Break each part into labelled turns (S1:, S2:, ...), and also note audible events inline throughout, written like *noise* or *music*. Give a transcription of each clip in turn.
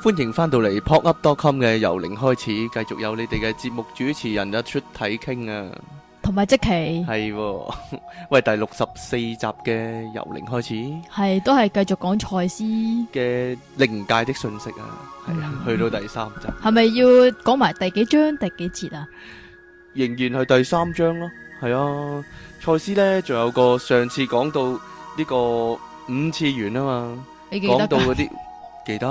S1: 歡迎翻到嚟 pokup.com 嘅由零開始，繼續有你哋嘅節目主持人一出體傾啊，
S2: 同埋即期
S1: 係，喂，第六十四集嘅由零開始，
S2: 係都係繼續講賽斯
S1: 嘅靈界的訊息啊，係啊，去到第三集
S2: 係咪要講埋第幾章第幾節啊？
S1: 仍然係第三章咯，係啊，賽斯咧仲有個上次講到呢個五次元啊嘛，講到嗰啲。記得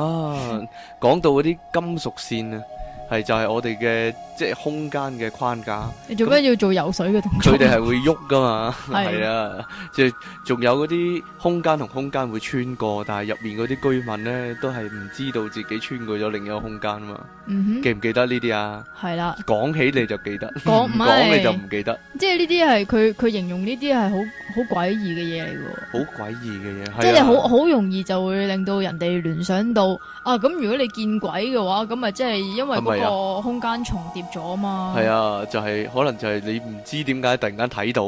S1: 講到嗰啲金屬線咧，係就係我哋嘅即係空間嘅框架。你做咩
S2: 要做游水嘅動作？佢哋係會
S1: 喐噶嘛？係啊 *laughs* 的，即係仲有嗰啲空間同空間會穿過，但係入面嗰啲居民咧都係唔知道自己穿過咗另一個空間啊嘛。嗯、哼記唔記得呢啲啊？係
S2: 啦的，
S1: 講起你就記得，講唔講你就唔記得。
S2: 即係呢啲係佢佢形容呢啲係好。好詭異嘅嘢嚟嘅，好
S1: 詭異嘅嘢，即係你好
S2: 好容易就會令到人哋聯想到啊！咁如果你見鬼嘅話，咁咪即係因為嗰個空間重疊咗啊嘛。係啊，
S1: 就係可能就係你唔知點解突然間睇到，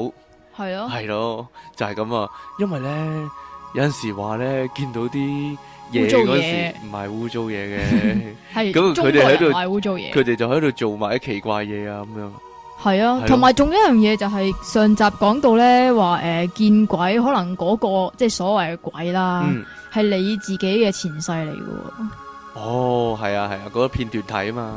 S1: 係咯，係咯，就係咁啊！因為咧有陣時話咧見到啲嘢嗰時唔係污糟嘢嘅，係咁佢哋喺度唔係污糟嘢，佢哋就喺度做埋啲奇怪嘢啊咁樣。
S2: 係啊，同埋仲有一樣嘢就係上集講到咧，話誒、呃、見鬼，可能嗰、那個即係所謂嘅鬼啦，係、嗯、你自己嘅前世嚟喎。
S1: 哦，係啊係啊，嗰、啊那個、片段體啊嘛。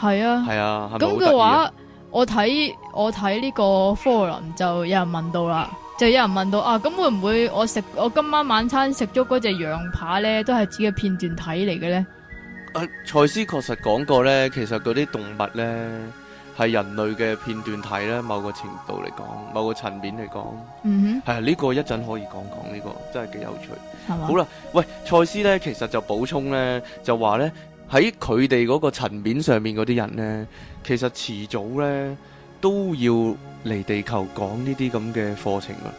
S1: 係啊係啊，咁嘅、啊、話，啊、
S2: 我睇我睇呢個 forum、um、就有人問到啦，就有人問到啊，咁會唔會我食我今晚晚餐食咗嗰隻羊扒咧，都係自己嘅片段體嚟嘅咧？
S1: 啊，賽斯確實講過咧，其實嗰啲動物咧。係人類嘅片段體咧，某個程度嚟講，某個層面嚟講，係啊、嗯哼，呢、這個一陣可以講講呢、這個，真係幾有趣。係嘛吧？好啦，喂，賽斯咧，其實就補充咧，就話咧，喺佢哋嗰個層面上面嗰啲人咧，其實遲早咧都要嚟地球講呢啲咁嘅課程啊。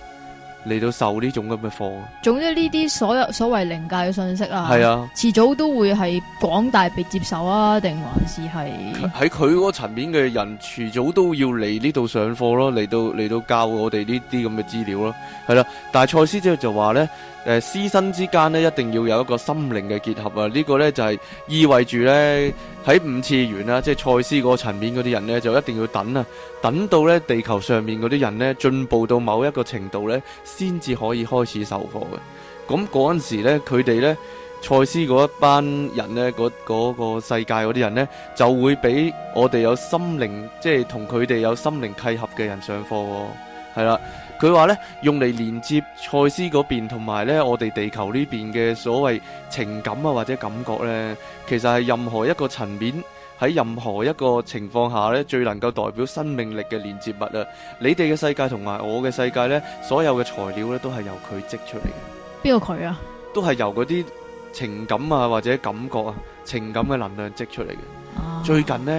S1: 嚟到受呢種咁嘅課，
S2: 總之呢啲所有所謂靈界嘅信息啊，係啊，遲早都會係廣大被接受啊，定還是係
S1: 喺佢嗰層面嘅人，遲早都要嚟呢度上課咯，嚟到嚟到教我哋呢啲咁嘅資料咯，係啦、啊，但係賽斯之就話咧。誒，師、呃、生之間呢，一定要有一個心靈嘅結合啊！呢、呢個呢，就係、係、意味住呢，喺五次元啦、啊，即係賽斯嗰個層面嗰啲人呢，就一定要等啊，等到呢，地球上面嗰啲人呢，進步到某一個程度呢，先至可以開始授課嘅。咁嗰陣時呢，佢哋呢，賽斯嗰一班人呢，嗰、嗰個世界嗰啲人呢，就會俾我哋有心靈，即係同佢哋有心靈契合嘅人上課，哦，係啦。佢話咧，用嚟連接賽斯嗰邊同埋咧我哋地球呢邊嘅所謂情感啊或者感覺咧，其實係任何一個層面喺任何一個情況下咧最能夠代表生命力嘅連接物啊！你哋嘅世界同埋我嘅世界咧，所有嘅材料咧都係由佢積出嚟嘅。邊個佢啊？都係由嗰啲情感啊或者感覺啊，情感嘅能量積出嚟嘅。啊、最近呢。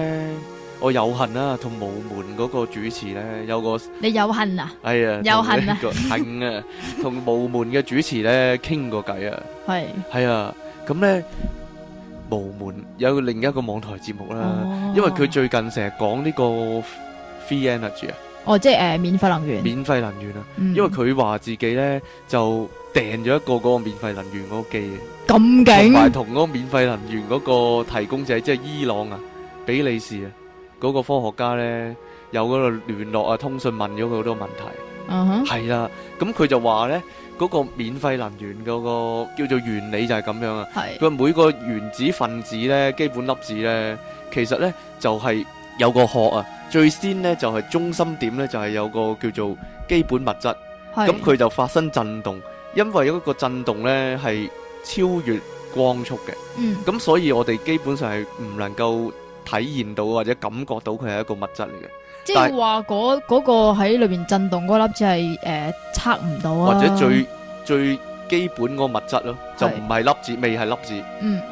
S1: 我有幸啊，同無門嗰個主持咧有個
S2: 你有幸啊？
S1: 係啊，有幸啊，幸啊！同無門嘅主持咧傾過偈啊，係係啊，咁咧無門有另一個網台節目啦，因為佢最近成日講呢個 free energy 啊，
S2: 哦，即係誒免費能源，免
S1: 費能源啊，因為佢話自己咧就訂咗一個嗰個免費能源嗰個機，咁勁，同埋同嗰個免費能源嗰個提供者即係伊朗啊，俾你試啊。嗰個科學家呢，有嗰個聯絡啊，通訊，問咗佢好多問題，嗯
S2: 哼，係
S1: 啦，咁佢就話呢，嗰個免費能源嗰個叫做原理就係咁樣啊，係佢話每個原子分子呢、基本粒子呢，其實呢就係有個殼啊，最先呢就係中心點呢就係有個叫做基本物質，咁佢就發生震動，因為嗰個震動呢係超越光速嘅。嗯，咁所以我哋基本上係唔能夠。體驗到或者感覺到佢係一個物質嚟嘅，即係
S2: 話嗰嗰個喺裏邊震動嗰粒子係誒、呃、測唔到啊，或者最
S1: 最基本嗰個物質咯，就唔係粒子，是未係粒子，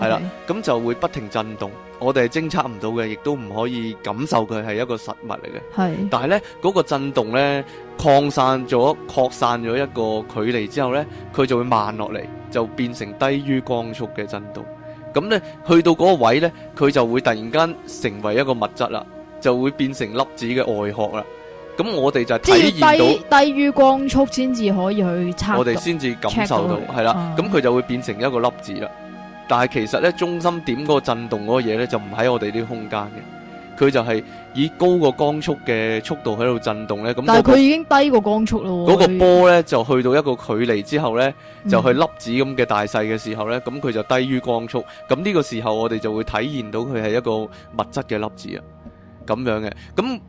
S1: 係啦，咁就會不停震動，我哋係偵測唔到嘅，亦都唔可以感受佢係一個實物嚟嘅，係是，但係咧嗰個震動咧擴散咗擴散咗一個距離之後咧，佢就會慢落嚟，就變成低於光速嘅震動。咁咧，去到嗰個位咧，佢就會突然間成為一個物質啦，就會變成粒子嘅外殼啦。咁我哋就體驗到，低於
S2: 低於光速先至可以去測，我哋先至感受到，
S1: 係啦。咁佢就會變成一個粒子啦。但係其實咧，中心點嗰個震動嗰個嘢咧，就唔喺我哋啲空間嘅。佢就係以高過光速嘅速度喺度震動咧，咁、那個、但係佢已
S2: 經低過光速咯。嗰個波
S1: 咧就去到一個距離之後咧，嗯、就去粒子咁嘅大細嘅時候咧，咁佢就低於光速。咁呢個時候我哋就會體現到佢係一個物質嘅粒子啊，咁樣嘅。咁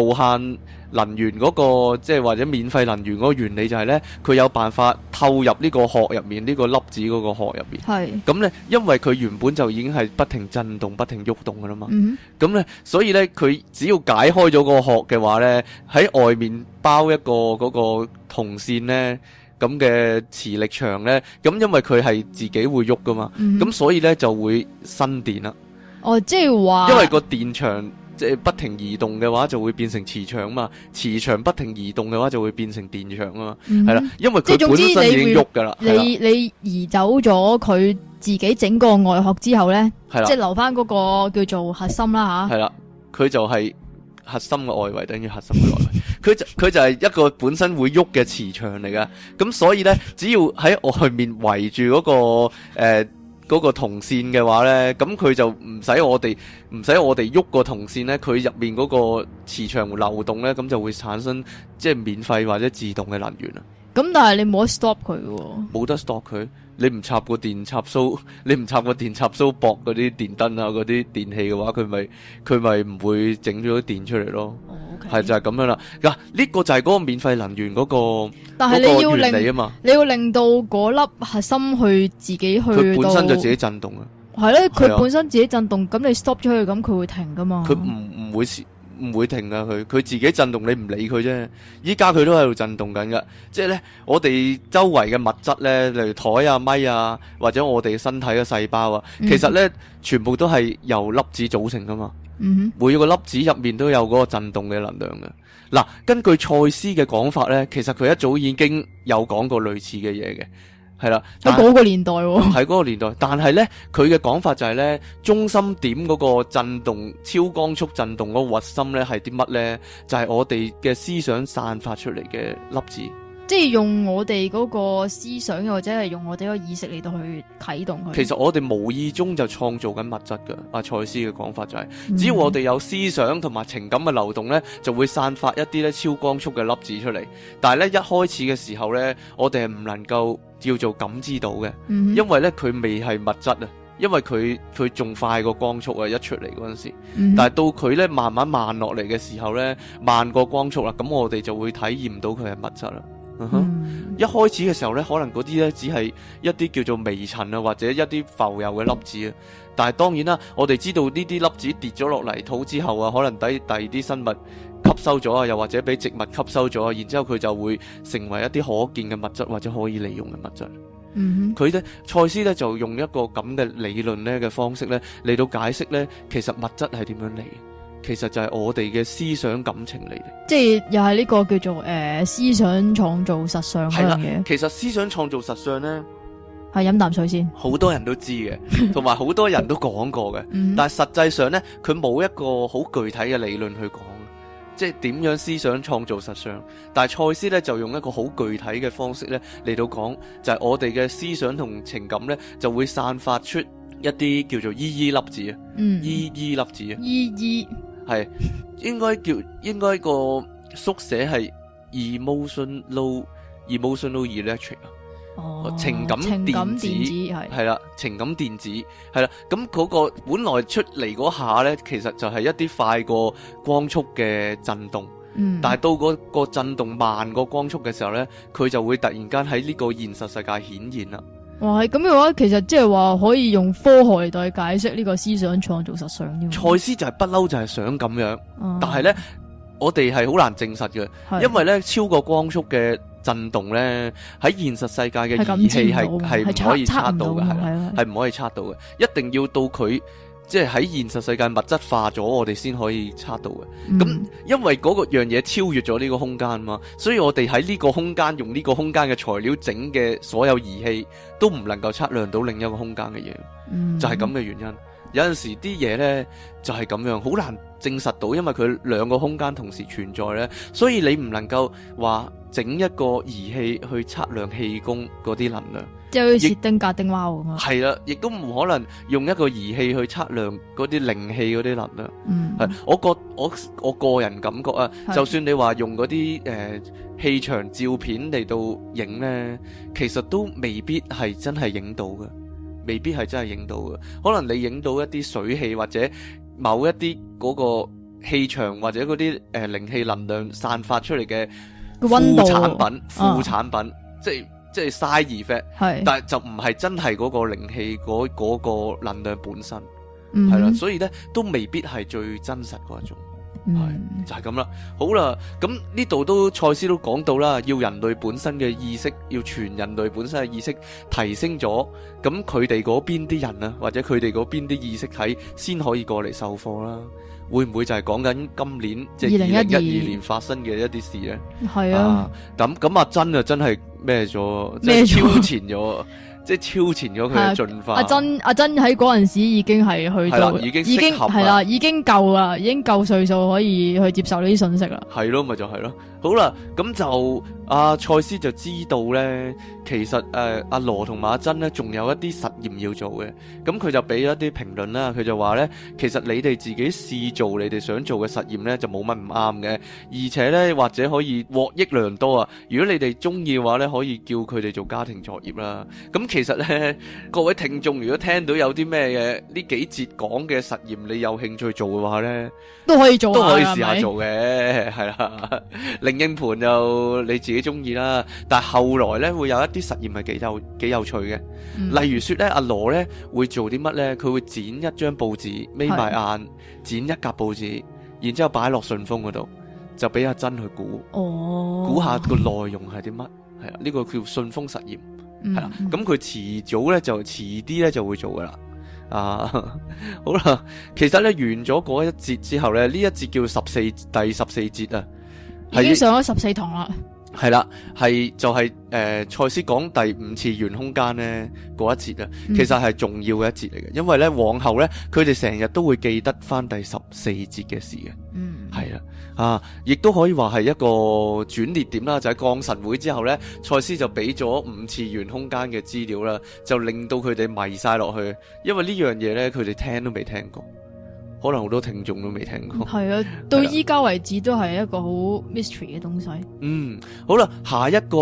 S1: 無限。能源嗰、那個即係或者免費能源嗰個原理就係呢，佢有辦法透入呢個殼入面，呢、這個粒子嗰個殼入面。係是。咁呢，因為佢原本就已經係不停震動、不停喐動㗎啦嘛。咁、嗯、哼呢所以呢，佢只要解開咗個殼嘅話呢，喺外面包一個嗰個銅線呢咁嘅磁力場呢，咁因為佢係自己會喐噶嘛。咁、嗯、哼所以呢就會生電啦。
S2: 哦，即、就、係、是、話。因為
S1: 個電場即係不停移動嘅話，就會變成磁場嘛。磁場不停移動嘅話，就會變成電場啊嘛。係啦、嗯，因為佢本身、嗯、已經喐噶啦，係你，的
S2: 你移走咗佢自己整個外殼之後咧，即係的留翻嗰個叫做核心啦吓。係
S1: 啦，佢就係核心嘅外圍等於核心嘅內圍，佢 *laughs* 就佢就係一個本身會喐嘅磁場嚟噶。咁所以咧，只要喺外面圍住嗰個誒。呃嗰個銅線嘅話呢，咁佢就唔使我哋唔使我哋喐個銅線呢，佢入面嗰個磁場流動呢，咁就會產生即係、就是、免費或者自動嘅能源啦。
S2: 咁但係你冇得 stop 佢喎，
S1: 冇得 stop 佢，你唔插個電插蘇，你唔插個電插蘇駁嗰啲電燈啊，嗰啲電器嘅話，佢咪佢咪唔會整咗啲電出嚟咯。係就係咁樣啦，嗱呢個就係嗰個免費能源嗰個嗰個原理啊嘛，
S2: 但係你要令到，你要令到嗰粒核心去自己去，佢本身就自己震動啊。係咧，佢本身自己震動，咁你 stop 咗佢，咁佢會停噶嘛。佢唔
S1: 唔會。唔會停啊！佢佢自己震動，你唔理佢啫。依家佢都喺度震動緊噶，即係呢，我哋周圍嘅物質呢，例如台啊、咪啊，或者我哋身體嘅細胞啊，嗯、哼其實呢，全部都係由粒子組成噶嘛。嗯、哼每個粒子入面都有嗰個震動嘅能量㗎。嗱、啊，根據賽斯嘅講法呢，其實佢一早已經有講過類似嘅嘢嘅。係啦，喺嗰個年代喎，哦哦，喺嗰個年代，但係咧，佢嘅講法就係、是、咧，中心點嗰個震動、超光速震動嗰個核心咧，係啲乜咧？就係、是、我哋嘅思想散發出嚟嘅粒子，
S2: 即係用我哋嗰個思想，或者係用我哋個意識嚟到去啟動佢。其實
S1: 我哋無意中就創造緊物質噶，阿賽斯嘅講法就係、是，只要我哋有思想同埋情感嘅流動咧，就會散發一啲咧超光速嘅粒子出嚟。但係咧，一開始嘅時候咧，我哋係唔能夠。叫做感知到嘅，嗯、哼因為呢，佢未係物質啊，因為佢佢仲快過光速啊，一出嚟嗰陣時，嗯、哼但係到佢呢慢慢慢落嚟嘅時候呢，慢過光速啦，咁我哋就會體驗到佢係物質啦。嗯哼嗯、哼一開始嘅時候呢，可能嗰啲呢只係一啲叫做微塵啊，或者一啲浮游嘅粒子啊，嗯、哼但係當然啦，我哋知道呢啲粒子跌咗落泥土之後啊，可能第第二啲生物。吸收咗啊，又或者俾植物吸收咗啊，然之後佢就會成為一啲可見嘅物質或者可以利用嘅物質。嗯、mm，佢、hmm。呢，賽斯咧就用一個咁嘅理論咧嘅方式咧嚟到解釋咧，其實物質係點樣嚟嘅。其實就係我哋嘅思想感情嚟嘅。
S2: 即係又係呢個叫做誒、呃、思想創造實相嗰樣嘢。
S1: 其實思想創造實相咧，
S2: 係飲啖水先。
S1: 好多人都知嘅，同埋好多人都講過嘅，mm hmm。但係實際上咧，佢冇一個好具體嘅理論去講。即係點樣思想創造實相？但係賽斯咧就用一個好具體嘅方式咧嚟到講就係、是、我哋嘅思想同情感咧就會散發出一啲叫做 ee 粒子啊，ee 粒子啊，e 依係依應該叫應該一個縮寫係 emotional emotional electric 情感電子係啦、哦，情感電子係啦，咁嗰了是個本來出嚟嗰下咧，其實就係一啲快過光速嘅震動，嗯、但係到嗰個震動慢過光速嘅時候咧，佢就會突然間喺呢個現實世界顯現啦。
S2: 哇，咁嘅話，其實即係話可以用科學嚟去解釋呢個思想創造實相。賽斯
S1: 就係不嬲就係想咁樣，哦、但係咧，我哋係好難證實嘅，是因為咧超過光速嘅。震動咧，喺現實世界嘅儀器係係唔可以測到嘅，係唔的可以測到嘅，的的一定要到佢即係喺現實世界物質化咗，我哋先可以測到嘅。咁、嗯、因為嗰個樣嘢超越咗呢個空間嘛，所以我哋喺呢個空間用呢個空間嘅材料整嘅所有儀器都唔能夠測量到另一個空間嘅嘢，就係咁嘅原因。嗯、有陣時啲嘢咧就係、是、咁樣好難。證實到，因為佢兩個空間同時存在咧，所以你唔能夠話整一個儀器去測量氣功嗰啲能量，
S2: 就好似丁格丁貓咁啊。係
S1: 啦、啊，亦都唔可能用一個儀器去測量嗰啲靈氣嗰啲能量。嗯，係我覺我我個人感覺啊，是就算你話用嗰啲誒氣場照片嚟到影咧，其實都未必係真係影到嘅，未必係真係影到嘅。可能你影到一啲水氣或者。某一啲個氣場或者啲誒靈氣能量散發出嚟，嘅溫度產品副產品，即係即係 size effect 係是的、那個，但係就唔係真係個靈氣個個能量本身，嗯，係啦，所以咧都未必係最真實嗰種。係就係咁啦，好啦，咁呢度都賽斯都講到啦，要人類本身嘅意識，要全人類本身嘅意識提升咗，咁佢哋嗰邊啲人啊，或者佢哋嗰邊啲意識體，先可以過嚟授課啦。會唔會就係講緊今年即係二零一二年發生嘅一啲事咧？係啊，咁咁阿珍啊背了 真係咩咗，即係超前咗。 *laughs* 即係超前咗佢嘅進化。啊、阿珍
S2: 阿珍喺嗰陣時已經係去到已經已經係啦，已經夠啦、啊，已經夠歲數可以去接受呢啲信息。啦。
S1: 係咯、啊，咪就係、是、咯、啊。好啦，咁就阿賽斯就知道咧，其實誒阿羅同馬真咧，仲有一啲實驗要做嘅。咁佢就俾一啲評論啦，佢就話咧，其實你哋自己試做你哋想做嘅實驗咧，就冇乜唔啱嘅，而且咧或者可以獲益良多啊。如果你哋中意嘅話咧，可以叫佢哋做家庭作業啦。咁其實咧，各位聽眾如果聽到有啲咩嘅呢幾節講嘅實驗，你有興趣做嘅話咧，
S2: 都可以做，都可以試下做
S1: 嘅，係啦，另。英盤就你自己中意啦，但係後來咧會有一啲實驗係幾有幾有趣嘅，嗯、例如說咧阿羅咧會做啲乜咧？佢會剪一張報紙眯埋眼，是剪一格報紙，然之後擺落信封嗰度，就俾阿珍去估，估、哦、下個內容係啲乜？係啊， *laughs* 呢、這個叫信封實驗，係啦、嗯。咁佢遲早咧就遲啲咧就會做㗎啦。啊，好啦，其實咧完咗嗰一節之後咧，呢一節叫十四第十四節啊。是已經上
S2: 咗十四堂啦，
S1: 係啦，係就係、是、誒，賽斯講第五次元空間咧嗰一節啊，其實係重要嘅一節嚟嘅，嗯、因為咧往後咧，佢哋成日都會記得返第十四節嘅事嘅，嗯，係啦，啊，亦都可以話係一個轉捩點啦，就係、是、降神會之後咧，賽斯就俾咗五次元空間嘅資料啦，就令到佢哋迷晒落去，因為呢樣嘢咧，佢哋聽都未聽過。可能好多聽眾都未聽過，
S2: 係啊的，的到依家為止都係一個好 mystery 嘅東西。
S1: 嗯，好啦，下一個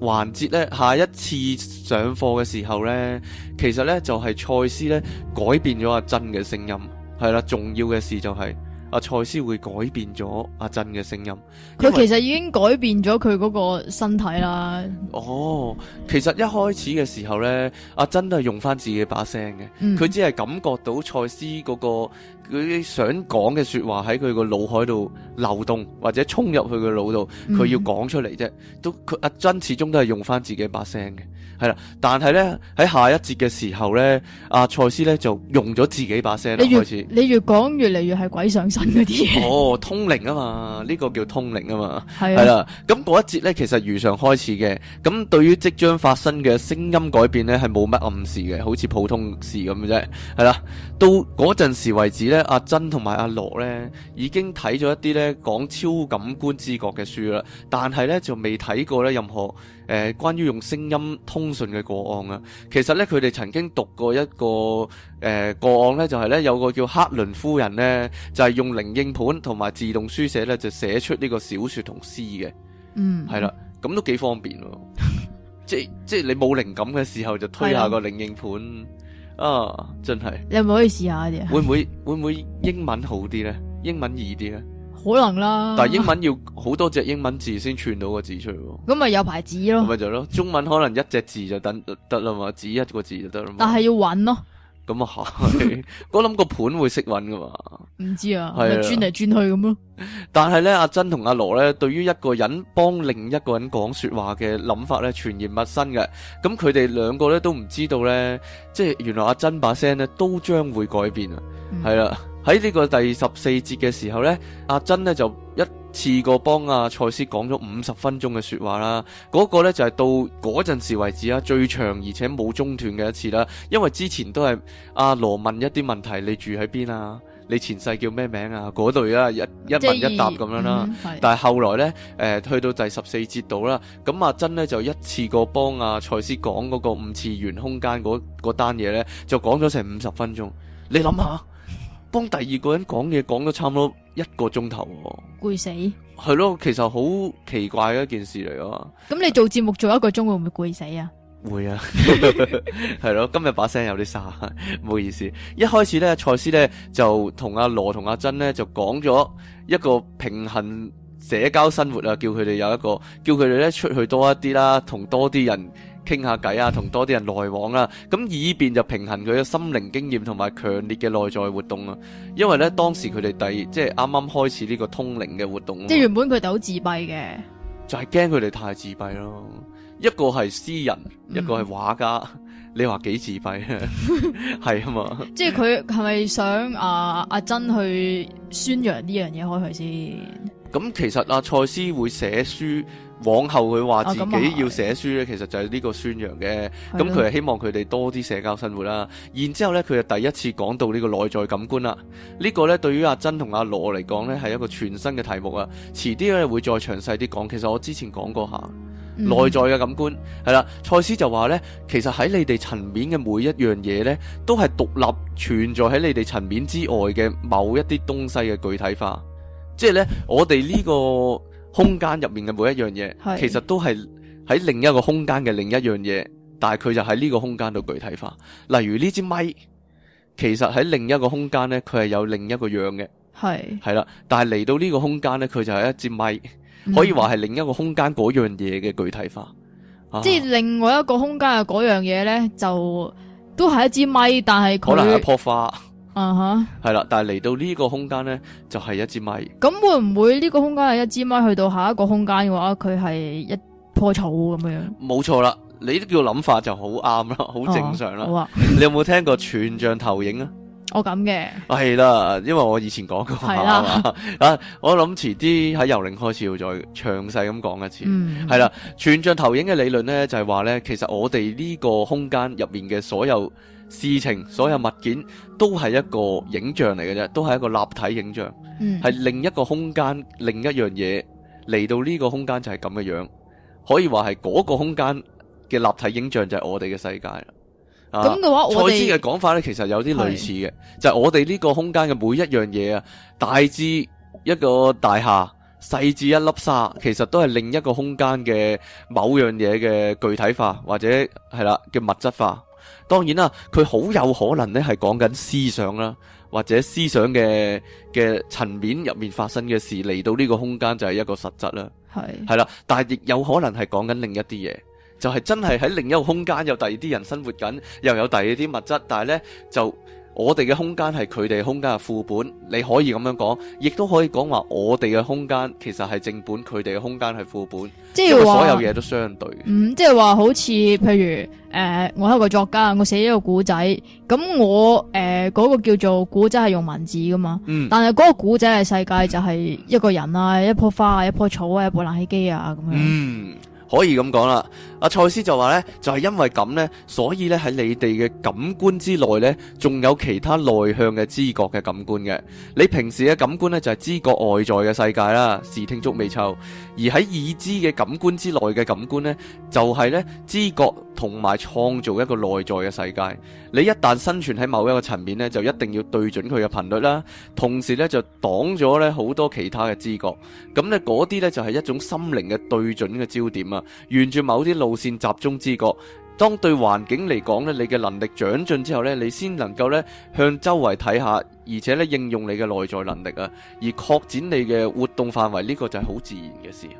S1: 環節咧，下一次上課嘅時候咧，其實咧就係、是、賽斯咧改變咗阿珍嘅聲音，係啦，重要嘅事就係、是。阿賽斯會改變咗阿珍嘅聲音，
S2: 佢其實已經改變咗佢嗰個身體啦。
S1: 哦，其實一開始嘅時候咧，阿珍都係用翻自己把聲嘅，佢、嗯、只係感覺到賽斯嗰、那個佢想講嘅說話喺佢個腦海度流動或者衝入去佢個腦度，佢要講出嚟啫。嗯、都，阿珍始終都係用翻自己把聲嘅。係啦，但係咧喺下一節嘅時候咧，阿、啊、賽斯咧就用咗自己把聲啦，越開始
S2: 你越講越嚟，越係鬼上身嗰啲嘢。哦，
S1: 通靈啊嘛，呢、這個叫通靈啊嘛，係啦、嗯。咁嗰是的 一節咧，其實如常開始嘅，咁對於即將發生嘅聲音改變咧，係冇乜暗示嘅，好似普通事咁嘅啫。係啦，到嗰陣時為止咧，阿珍同埋阿羅咧已經睇咗一啲咧講超感官知覺嘅書啦，但係咧就未睇過咧任何。誒，關於用聲音通訊嘅個案啊，其實咧佢哋曾經讀過一個誒個案咧，就係咧有個叫克倫夫人咧，就係用靈應盤同埋自動書寫咧，就寫出呢個小説同詩嘅，嗯，係啦，咁都幾方便喎，即即係你冇靈感嘅時候就推下個靈應盤啊，真係，你
S2: 可唔可以試下啲？會唔會會
S1: 唔會英文好啲咧？英文易啲咧？
S2: 可能啦，但係英文
S1: 要好多隻英文字先串到個字出嚟，
S2: 咁咪 *laughs* 有牌子咯。咪
S1: 就咯，中文可能一隻字就等 *laughs* 得啦嘛，只一個字就得啦嘛。但係要揾咯，咁啊 *laughs* 啦去，我諗個盤會識揾噶嘛。
S2: 唔知啊，咪轉嚟轉去咁咯。
S1: 但係咧，阿珍同阿羅咧，對於一個人幫另一個人講說話嘅諗法咧，全然陌生嘅。咁佢哋兩個咧都唔知道咧，即係原來阿珍把聲咧都將會改變啊。係、嗯、啦。喺呢個第十四節嘅時候呢，阿珍呢就一次過幫阿賽斯講咗五十分鐘嘅說話啦。嗰、那個呢就係、是、到嗰陣時為止啊，最長而且冇中斷嘅一次啦。因為之前都係阿羅問一啲問題，你住喺邊啊？你前世叫咩名啊？嗰對啊，一一問一答咁樣啦。2 2, 嗯、但係後來呢誒、呃，去到第十四節度啦，咁、啊、阿珍呢就一次過幫阿賽斯講嗰個五次元空間嗰嗰單嘢呢，就講咗成五十分鐘。你諗下。嗯幫第二個人講嘢講咗差唔多一個鐘頭，攰死。係咯，其實好奇怪嘅一件事嚟啊！
S2: 咁、嗯、你做節目做一個鐘會唔會攰死啊？
S1: 會啊，係咯， *laughs* *laughs* 今日把聲有啲沙，唔 *laughs* 好意思。一開始咧，賽斯咧就同阿羅同阿珍咧就講咗一個平衡社交生活啊，叫佢哋有一個，叫佢哋咧出去多一啲啦，同多啲人，傾下偈啊，同多啲人來往啊，咁以便就平衡佢嘅心靈經驗同埋強烈嘅內在活動啊。因為咧，當時佢哋第、嗯、即係啱啱開始呢個通靈嘅活動、啊。即係原
S2: 本佢哋好自閉嘅，
S1: 就係驚佢哋太自閉咯。一個係詩人，嗯、一個係畫家，你話幾自閉啊？係 *laughs* *laughs* 嗎啊嘛。
S2: 即係佢係咪想阿阿珍去宣揚呢樣嘢開去先？
S1: 咁其實阿、啊、賽斯會寫書。往後佢話自己要寫書咧，啊、其實就係呢個宣揚嘅。咁佢係希望佢哋多啲社交生活啦。然之後咧，佢就第一次講到呢個內在感官啦。這個、呢個咧對於阿珍同阿羅嚟講咧，係一個全新嘅題目啊。遲啲咧會再詳細啲講。其實我之前講過下內、嗯、在嘅感官係啦。賽斯就話咧，其實喺你哋層面嘅每一樣嘢咧，都係獨立存在喺你哋層面之外嘅某一啲東西嘅具體化。即係咧，我哋呢、這個。 *laughs* 空間入面嘅每一樣嘢，是其實都係喺另一個空間嘅另一樣嘢，但係佢就喺呢個空間度具體化。例如呢支咪，其實喺另一個空間呢，佢係有另一個樣嘅，係係啦。但係嚟到呢個空間呢，佢就係一支咪，
S2: 是可以話係
S1: 另一個空間嗰樣嘢嘅具體化。嗯啊、即係
S2: 另外一個空間嘅嗰樣嘢呢，就都係一支咪，但係可能係一
S1: 樖花。啊哈！係啦、uh huh.，但係嚟到呢個空間咧，就係、是、一支咪。
S2: 咁會唔會呢個空間係一支咪？去到下一個空間嘅話，佢係一棵草咁樣。
S1: 冇錯啦，你啲叫諗法就好啱啦，好正常啦。Uh huh. 你有冇聽過全像投影啊？
S2: *laughs* 我咁嘅。
S1: 係啦，因為我以前講過啊 *laughs* 的，我諗遲啲喺游嶺開始要再詳細咁講一次。係啦、uh huh.，全像投影嘅理論咧，就係話咧，其實我哋呢個空間入面嘅所有。事情所有物件都係一個影像嚟嘅啫，都係一個立體影像，係另一個空間另一樣嘢嚟到呢個空間就係咁嘅樣，可以話係嗰個空間嘅立體影像就係我哋嘅世界啦。咁嘅話，我賽斯嘅講法咧，其實有啲類似嘅，就係我哋呢個空間嘅每一樣嘢啊，大至一個大廈，細至一粒沙，其實都係另一個空間嘅某樣嘢嘅具體化或者係啦叫物質化。當然啦，佢好有可能咧係講緊思想啦，或者思想嘅嘅層面入面發生嘅事嚟到呢個空間就係一個實質啦。係係啦，但係亦有可能係講緊另一啲嘢，就係、是、真係喺另一個空間有第二啲人生活緊，又有第二啲物質，但係呢，就。我哋嘅空間係佢哋空間嘅副本，你可以咁樣講，亦都可以講話我哋嘅空間其實係正本，佢哋嘅空間係副本。即係話所有嘢都相對。
S2: 嗯，即係話好似譬如誒、呃，我係一個作家，我寫一個古仔，咁我誒嗰、呃嗰個叫做古仔係用文字噶嘛。嗯。但係嗰個古仔嘅世界就係一個人啊，一樖花啊，一樖草啊，一部冷氣機啊咁樣。
S1: 嗯，可以咁講啦。阿賽斯就話咧，就係因為咁咧，所以咧喺你哋嘅感官之內咧，仲有其他內向嘅知覺嘅感官嘅。你平時嘅感官咧就係知覺外在嘅世界啦，視聽觸味嗅。而喺已知嘅感官之內嘅感官咧，就係咧知覺同埋創造一個內在嘅世界。你一旦生存喺某一個層面咧，就一定要對準佢嘅頻率啦，同時咧就擋咗咧好多其他嘅知覺，咁咧嗰啲咧就係一種心靈嘅對準嘅焦點啊，沿住某啲路。路線集中知覺，當對環境嚟講咧，你嘅能力長進之後咧，你先能夠咧向周圍睇下，而且咧應用你嘅內在能力啊，而擴展你嘅活動範圍，呢、這個就係好自然嘅事、啊，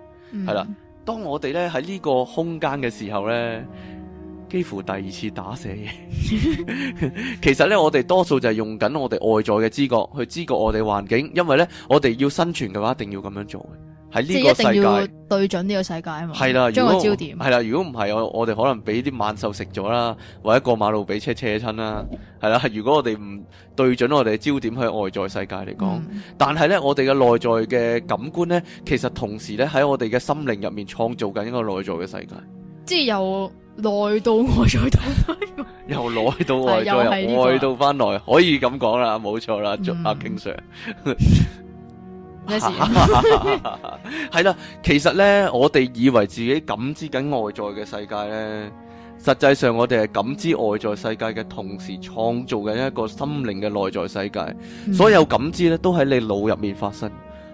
S1: 係啦、嗯。當我哋咧喺呢個空間嘅時候咧，幾乎第二次打死。 *laughs* *laughs* 其實咧，我哋多數就係用緊我哋外在嘅知覺去知覺我哋環境，因為咧我哋要生存嘅話，一定要咁樣做嘅。喺呢個世界，
S2: 對準呢個世界啊嘛，係啦，將個焦點
S1: 係啦。如果唔係，我我哋可能俾啲猛獸食咗啦，或者過馬路俾車車親啦，係啦。 *laughs* 如果我哋唔對準我哋嘅焦點去外在世界嚟講，嗯、但係咧，我哋嘅內在嘅感官咧，其實同時咧喺我哋嘅心靈入面創造緊一個內在嘅世界。即
S2: 係由內到外再
S1: *laughs* 到內，由內到外再由外到翻來，可以咁講啦，冇錯啦，祝阿經常。啊 *laughs* 係啦， *laughs* *laughs* 其實呢，我哋以為自己感知緊外在嘅世界呢，實際上我哋係感知外在世界嘅同時，創造緊一個心靈嘅內在世界。嗯、所有感知呢，都喺你腦入面發生；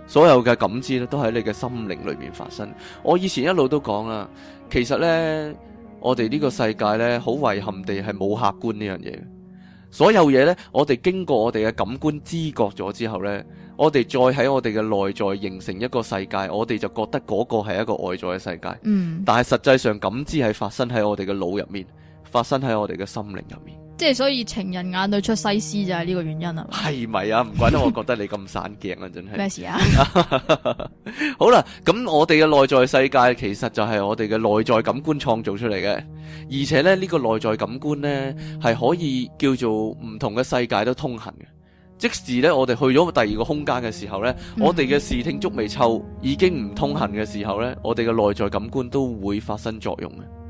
S1: 所有嘅感知呢，都喺你嘅心靈裏面發生。我以前一路都講啦，其實呢，我哋呢個世界呢，好遺憾地係冇客觀呢樣嘢。所有嘢呢，我哋經過我哋嘅感官知覺咗之後呢，我哋再喺我哋嘅內在形成一個世界，我哋就覺得嗰個係一個外在嘅世界。嗯，但係實際上感知係發生喺我哋嘅腦入面，發生喺我哋嘅心靈入面。
S2: 即係所以情人眼裏出西施就係呢個原因啊？係
S1: 咪啊？唔怪得我覺得你咁散鏡啊！真係咩事啊？ *laughs* 好啦，咁我哋嘅內在世界其實就係我哋嘅內在感官創造出嚟嘅，而且咧呢、呢個內在感官咧係可以叫做唔同嘅世界都通行嘅。即使咧我哋去咗第二個空間嘅時候咧，我哋嘅視聽觸味嗅已經唔通行嘅時候咧，我哋嘅內在感官都會發生作用嘅。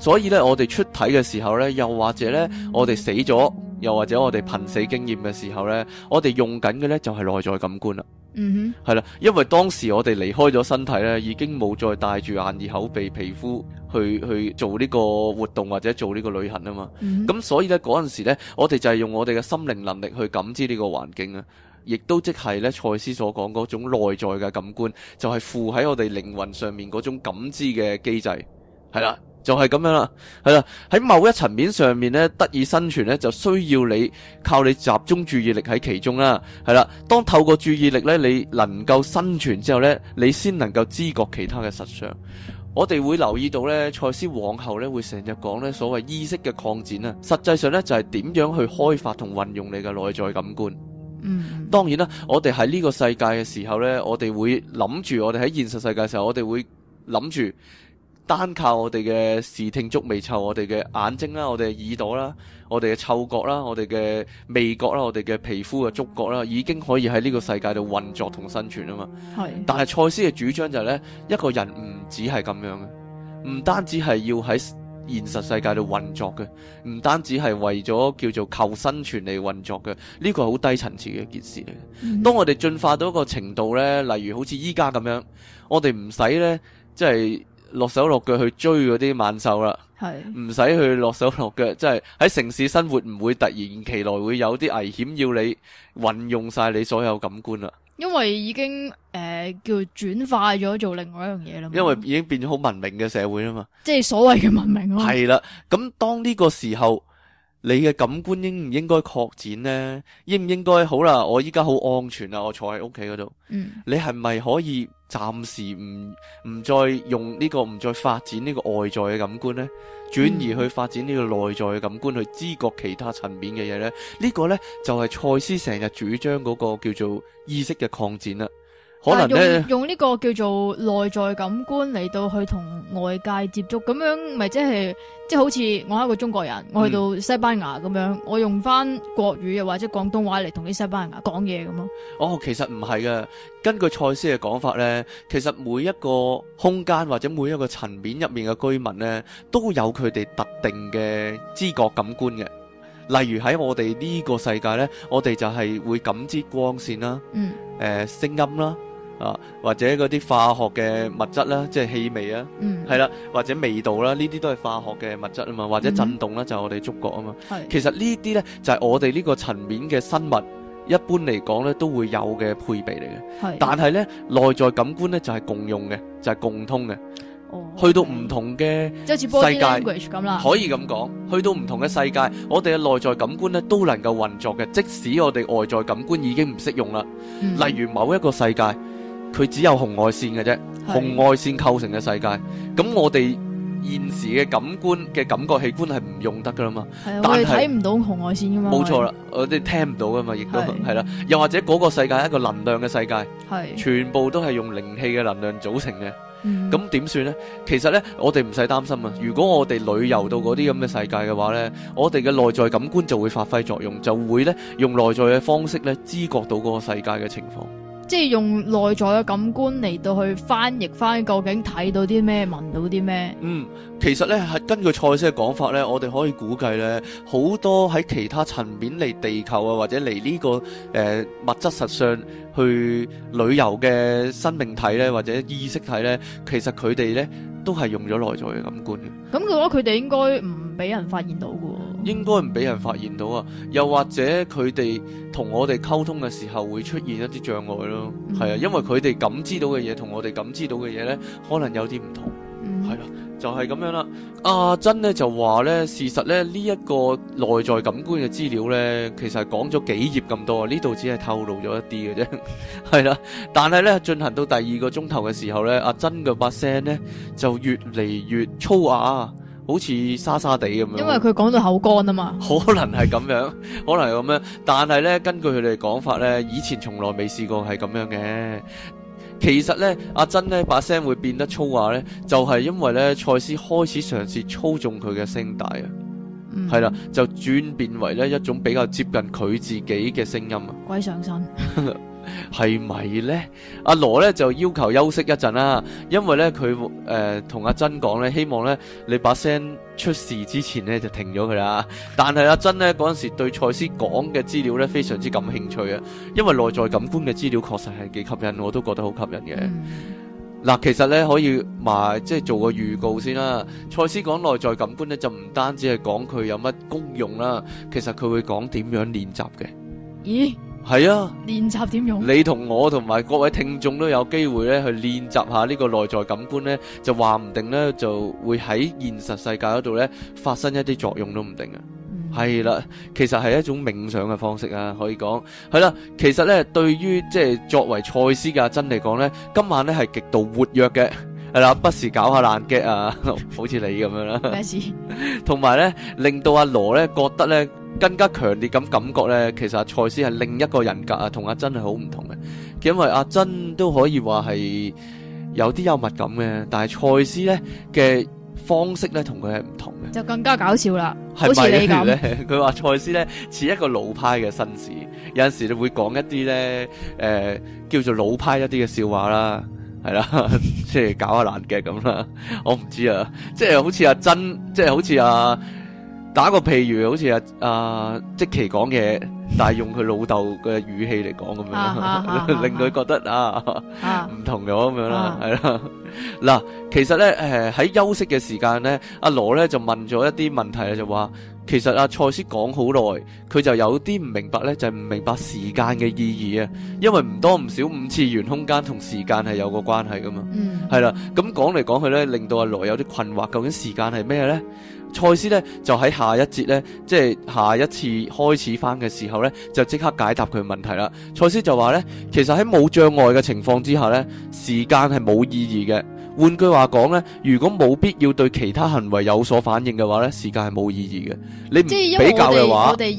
S1: 所以咧，我哋出體嘅時候咧，又或者咧，我哋死咗，又或者我哋瀕死經驗嘅時候咧，我哋用緊嘅咧就係內在感官啦。嗯哼，係啦，因為當時我哋離開咗身體咧，已經冇再帶住眼耳口鼻皮膚去去做呢個活動或者做呢個旅行啊嘛。咁、嗯、哼所以咧嗰陣時咧，我哋就係用我哋嘅心靈能力去感知呢個環境啊，亦都即係咧賽斯所講嗰種內在嘅感官，就係附喺我哋靈魂上面嗰種感知嘅機制，係啦。就係咁樣啦，係啦，喺某一層面上面咧，得以生存咧，就需要你靠你集中注意力喺其中啦，係啦，當透過注意力咧，你能夠生存之後咧，你先能夠知覺其他嘅實相。我哋會留意到咧，賽斯往後咧會成日講咧所謂意識嘅擴展啊，實際上咧就係、是、點樣去開發同運用你嘅內在感官。嗯、嗯，當然啦，我哋喺呢個世界嘅時候咧，我哋會諗住，我哋喺現實世界嘅時候，我哋會諗住。單靠我哋嘅視聽觸味嗅，我哋嘅眼睛啦，我哋嘅耳朵啦，我哋嘅嗅覺啦，我哋嘅味覺啦，我哋嘅皮膚嘅觸覺啦，已經可以喺呢個世界度運作同生存啊嘛。係的。但係賽斯嘅主張就係、是、咧，一個人唔只係咁樣嘅，唔單止係要喺現實世界度運作嘅，唔、嗯、單止係為咗叫做求生存嚟運作嘅，呢、這個係好低層次嘅一件事嚟。嗯、當我哋進化到一個程度咧，例如好似依家咁樣，我哋唔使咧，即係。落手落腳去追嗰啲猛獸啦，係唔使去落手落腳，即係喺城市生活唔會突然其來會有啲危險，要你運用晒你所有感官啦。
S2: 因為已經誒、呃、叫轉化咗做另外一樣嘢啦嘛。因
S1: 為已經變咗好文明嘅社會啊嘛。
S2: 即係所謂嘅文明啊。係
S1: 啦，咁當呢個時候。你嘅感官應唔應該擴展呢？應唔應該好啦？我依家好安全啊，我坐喺屋企嗰度。嗯、你係咪可以暫時唔唔再用呢、這個唔再發展呢個外在嘅感官呢？轉移去發展呢個內在嘅感官，去知覺其他層面嘅嘢呢？呢、這個呢，就係、是、賽斯成日主張嗰個叫做意識嘅擴展啦。但係用可能呢，
S2: 用呢個叫做內在感官嚟，到去同外界接觸，咁樣咪即係即係好似我係一個中國人，我去到西班牙咁樣，嗯、我用翻國語又或者廣東話嚟同啲西班牙講嘢咁咯。
S1: 哦，其實唔係嘅，根據賽斯嘅講法咧，其實每一個空間或者每一個層面入面嘅居民咧，都有佢哋特定嘅知覺感官嘅。例如喺我哋呢個世界咧，我哋就係會感知光線啦，嗯，誒、呃、聲音啦。啊，或者嗰啲化學嘅物質啦，即係氣味啊，係啦、嗯，或者味道啦，呢啲都係化學嘅物質啊嘛，或者震動啦，就係、我哋觸覺啊嘛。係，其實呢啲咧就係我哋呢個層面嘅生物一般嚟講咧都會有嘅配備嚟嘅。是但係咧內在感官咧就係、是、共用嘅，就係、是、共通嘅，哦。去到唔同嘅世界，即係似 body language
S2: 咁啦、嗯哼，可以咁
S1: 講，去到唔同嘅世界，我哋嘅內在感官咧都能夠運作嘅，即使我哋外在感官已經唔適用啦。嗯、哼例如某一個世界。佢只有紅外線嘅啫，紅外線構成嘅世界，咁是的 我哋現時嘅感官嘅、嗯、感覺器官係唔用得噶啦嘛，的但係睇唔
S2: 到紅外線噶嘛，冇錯啦，
S1: 我哋聽唔到噶嘛，亦都係啦是的，又或者嗰個世界係一個能量嘅世界，係
S2: 是的 全
S1: 部都係用靈氣嘅能量組成嘅，咁點算呢？其實呢，我哋唔使擔心啊。如果我哋旅遊到嗰啲咁嘅世界嘅話呢，我哋嘅內在感官就會發揮作用，就會呢，用內在嘅方式呢，知覺到嗰個世界嘅情況。
S2: 即係用內在嘅感官嚟到去翻譯翻譯究竟睇到啲咩，聞到啲咩。嗯，
S1: 其實咧係根據賽斯嘅講法咧，我哋可以估計咧，好多喺其他層面嚟地球啊，或者嚟呢、這個誒、呃、物質實上去旅遊嘅生命體咧，或者意識體咧，其實佢哋咧都係用咗內在嘅感官
S2: 嘅。咁我覺得佢哋應該唔俾人發現到噶。
S1: 應該唔俾人發現到啊！又或者佢哋同我哋溝通嘅時候會出現一啲障礙咯，係啊、mm hmm.，因為佢哋感知到嘅嘢同我哋感知到嘅嘢呢，可能有啲唔同，係啦、mm hmm. 就係、是、咁樣啦。阿珍呢就話呢，事實呢，呢、這、一個內在感官嘅資料呢，其實講咗幾頁咁多，啊，呢度只係透露咗一啲嘅啫，係啦。但係呢，進行到第二個鐘頭嘅時候呢，阿珍嘅把聲呢就越嚟越粗啞，好似沙沙地咁樣，樣，因為
S2: 佢講到口乾啊嘛，可
S1: 能係咁樣，可能係咁樣，但係咧根據佢哋講法咧，以前從來未試過係咁樣嘅。其實咧，阿珍呢把聲會變得粗啞咧，就係、是、因為咧賽斯開始嘗試操縱佢嘅聲帶啊，係啦、嗯，就轉變為咧一種比較接近佢自己嘅聲音啊，
S2: 鬼上身。 *laughs*
S1: 係咪呢？阿羅咧就要求休息一陣啦，因為咧佢誒同阿珍講咧，希望咧你把聲出事之前咧就停咗佢啦。但係阿珍呢嗰陣時對賽斯講嘅資料咧非常之感興趣啊，因為內在感官嘅資料確實係幾吸引，我都覺得好吸引嘅。嗱、嗯，其實咧可以埋即係做個預告先啦。賽斯講內在感官咧就唔單止係講佢有乜功用啦，其實佢會講點樣練習嘅。咦？係啊，
S2: 練習點用？你
S1: 同我同埋各位聽眾都有機會咧去練習下呢個內在感官咧，就話唔定咧就會喺現實世界嗰度咧發生一啲作用都唔定啊、嗯、係啊！係啦，其實係一種冥想嘅方式啊，可以講係啦。其實咧對於即係作為賽斯嘅阿珍嚟講咧，今晚咧係極度活躍嘅。係啦、 *music* 啊，不時搞下爛嘅啊，好似你咁樣啦。咩事？同埋咧，令到阿羅咧覺得咧，更加強烈咁感覺咧，其實阿賽斯係另一個人格啊，同阿珍係好唔同嘅。因為阿珍都可以話係有啲幽默感嘅，但係賽斯咧嘅方式咧同佢係唔同嘅，
S2: 就更加搞笑啦。係咪咁咧？
S1: 佢話賽斯咧似一個老派嘅紳士，有陣時你會講一啲咧誒，叫做老派一啲嘅笑話啦。係啦， *laughs* 即係搞下爛嘅咁啦，我唔知啊，即係好似阿珍，即係好似阿打個譬如，好似阿阿即奇講嘢，但係用佢老豆嘅語氣嚟講咁樣，啊啊啊、 *laughs* 令佢覺得啊唔、啊、同咗咁樣啦，係啦、啊，嗱，其實咧，誒喺休息嘅時間咧，阿羅咧就問咗一啲問題就話。其實阿、啊、賽斯講好耐，佢就有啲唔明白呢就係唔明白時間嘅意義啊，因為唔多唔少五次元空間同時間係有個關係噶嘛，係啦、嗯，咁講嚟講去呢令到阿羅有啲困惑，究竟時間係咩呢？賽斯呢就喺下一節呢即係下一次開始翻嘅時候呢就即刻解答佢問題啦。賽斯就話呢其實喺冇障礙嘅情況之下呢時間係冇意義嘅。換句話講咧，如果冇必要對其他行為有所反應嘅話咧，時間係冇意義嘅。你唔比較嘅話，我哋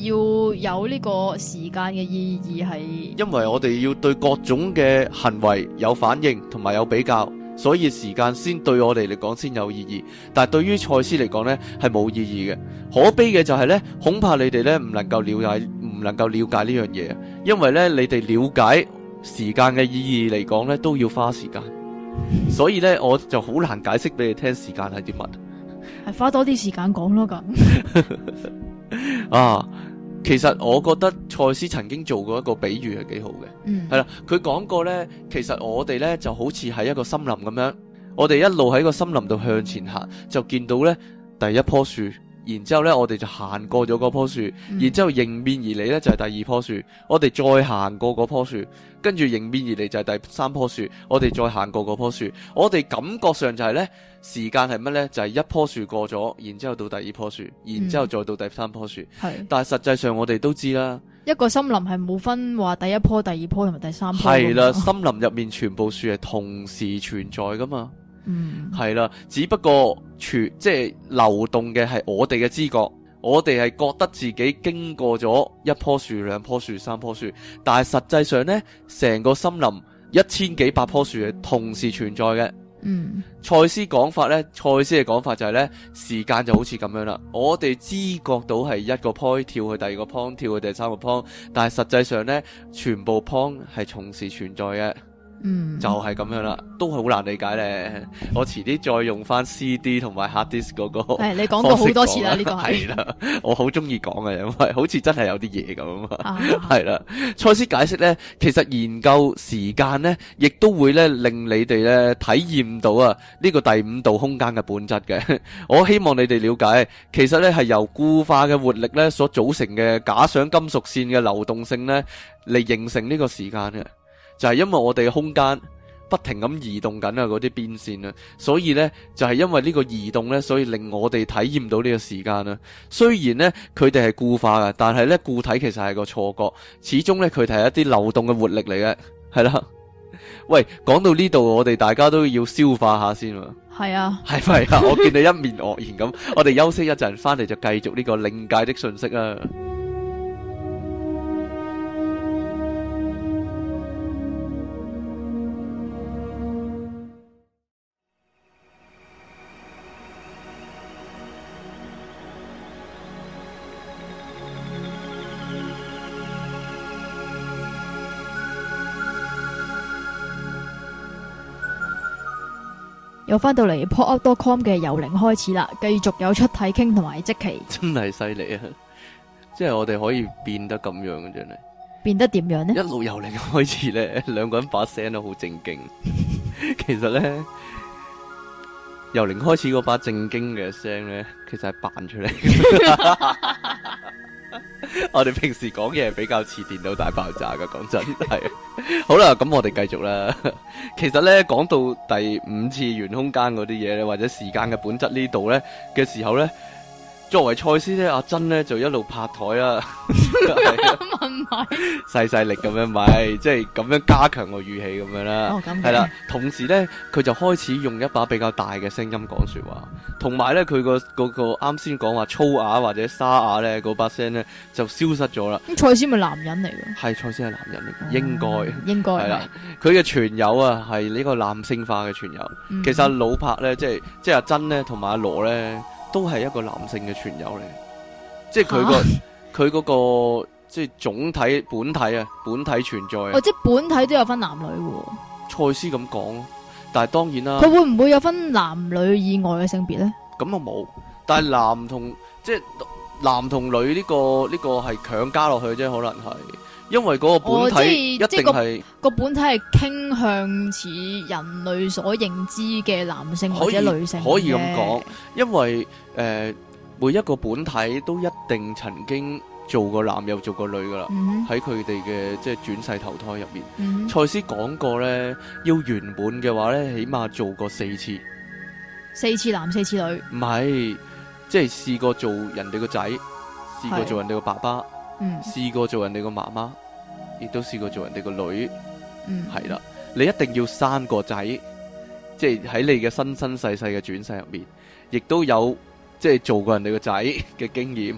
S2: 要有呢個時間嘅意義係，
S1: 因為我哋要對各種嘅行為有反應同埋有比較，所以時間先對我哋嚟講先有意義。但係對於賽斯嚟講咧係冇意義嘅。可悲嘅就係咧，恐怕你哋咧唔能夠了解，唔能夠了解呢樣嘢，因為咧你哋了解時間嘅意義嚟講咧都要花時間。所以咧，我就好難解釋俾你聽時間，時間係啲乜？
S2: 係花多啲時間講咯咁。
S1: *laughs* *laughs* 啊，其實我覺得賽斯曾經做過一個比喻係幾好嘅，嗯，係啦，佢講過咧，其實我哋咧就好似喺一個森林咁樣，我哋一路喺個森林度向前行，就見到咧第一棵樹。然之後咧，我哋就行過咗嗰棵樹，嗯、然之後迎面而嚟咧就係、是、第二棵樹，我哋再行過嗰棵樹，跟住迎面而嚟就係第三棵樹，我哋再行過嗰棵樹，我哋感覺上就係咧，時間係乜咧？就係、是、一棵樹過咗，然之後到第二棵樹，然之後再到第三棵樹。係、嗯，但係實際上我哋都知啦，一
S2: 個森林係冇分話第一棵、第二棵同埋第三棵是的。係啦，
S1: 森林入面全部樹係同時存在噶嘛？嗯，係啦，只不過。處即係流動嘅係我哋嘅知覺，我哋係覺得自己經過咗一棵樹、兩棵樹、三棵樹，但係實際上呢成個森林一千幾百棵樹係同時存在嘅。嗯，賽斯講法呢，賽斯嘅講法就係呢，時間就好似咁樣啦，我哋知覺到係一個 point 跳，去第二個 point 跳，去第三個 point，但係實際上呢，全部 point 係同時存在嘅。嗯，就係咁樣啦，都係好難理解咧。我遲啲再用翻 CD 同埋 Hard Disk 嗰個。係你講過好多次啦，呢個係啦，我好中意講嘅，因為好似真係有啲嘢咁啊。係啦，賽斯解釋咧，其實研究時間咧，亦都會咧令你哋咧體驗到啊呢個第五度空間嘅本質嘅。我希望你哋了解，其實咧係由固化嘅活力咧所組成嘅假想金屬線嘅流動性咧嚟形成呢個時間嘅。就係因為我哋嘅空間不停咁移動緊啊，嗰啲邊線啊，所以呢，就係、是、因為呢個移動呢，所以令我哋體驗到呢個時間啊。雖然呢，佢哋係固化嘅，但係呢，固體其實係個錯覺，始終呢，佢哋係一啲流動嘅活力嚟嘅，係啦。喂，講到呢度，我哋大家都要消化一下先是啊。係啊，係咪啊？我見你一面愕然咁， *laughs* 我哋休息一陣，翻嚟就繼續呢個靈界的訊息啊。
S2: 又翻到嚟 pop up.com 嘅由零開始啦，繼續有出體傾同埋即期，
S1: 真係犀利啊！即係我哋可以變得咁樣嘅真係，
S2: 變得點樣
S1: 呢？一路由零開始咧，兩個人把聲都好正經， *laughs* 其實咧由零開始嗰把正經嘅聲咧，其實係扮出嚟。 *laughs* *laughs* *laughs* 我哋平時講嘢比較似電腦大爆炸噶，講真係。 *laughs* 好啦，咁我哋繼續啦。 *laughs* 其實咧講到第五次元空間嗰啲嘢咧，或者時間嘅本質呢度咧嘅時候咧，作為賽斯咧阿珍咧就一路拍台啦。唔係細細力咁樣，就是、樣，樣，咪即係咁樣加強個語氣咁樣啦。係啦。同時咧，佢就開始用一把比較大嘅聲音講、那個那個、說話，同埋咧，佢個嗰個啱先講話粗啞或者沙啞咧，嗰把聲咧就消失咗啦。
S2: 賽斯咪男人嚟嘅，
S1: 係賽斯係男人嚟嘅，應該應該係啦。佢嘅傳友啊，係呢個男性化嘅傳友。嗯嗯，其實老柏咧，即係即係阿珍咧，同埋阿羅咧，都係一個男性嘅傳友嚟。即係佢個佢個。啊即係總體本體啊，本體存在啊。哦，即係
S2: 本體都有分男女。
S1: 賽斯咁講，但係當然啦、啊。佢
S2: 會唔會有分男女以外嘅性別咧？
S1: 咁啊冇，但係男同、嗯、即係男同女呢、這個呢、這個係強加落去啫，可能係因為嗰個本體、哦、即一定係、那
S2: 個本體係傾向似人類所認知嘅男性或者女性。可以可以咁講，
S1: 對 因為誒、呃、每一個本體都一定曾經。做個男又做個女噶啦，喺佢哋嘅即係轉世投胎入面。賽斯講過咧，要原本嘅話咧，起碼做過四次，
S2: 四次男，四次女，
S1: 唔係即係試過做人哋個仔，試過做人哋個爸爸，嗯，試、mm hmm. 過做人哋個媽媽，亦都試過做人哋個女，嗯、mm，係、hmm. 啦，你一定要生個仔，即係喺你嘅生生世世嘅轉世入面，亦都有。即係做過人哋個仔嘅經驗，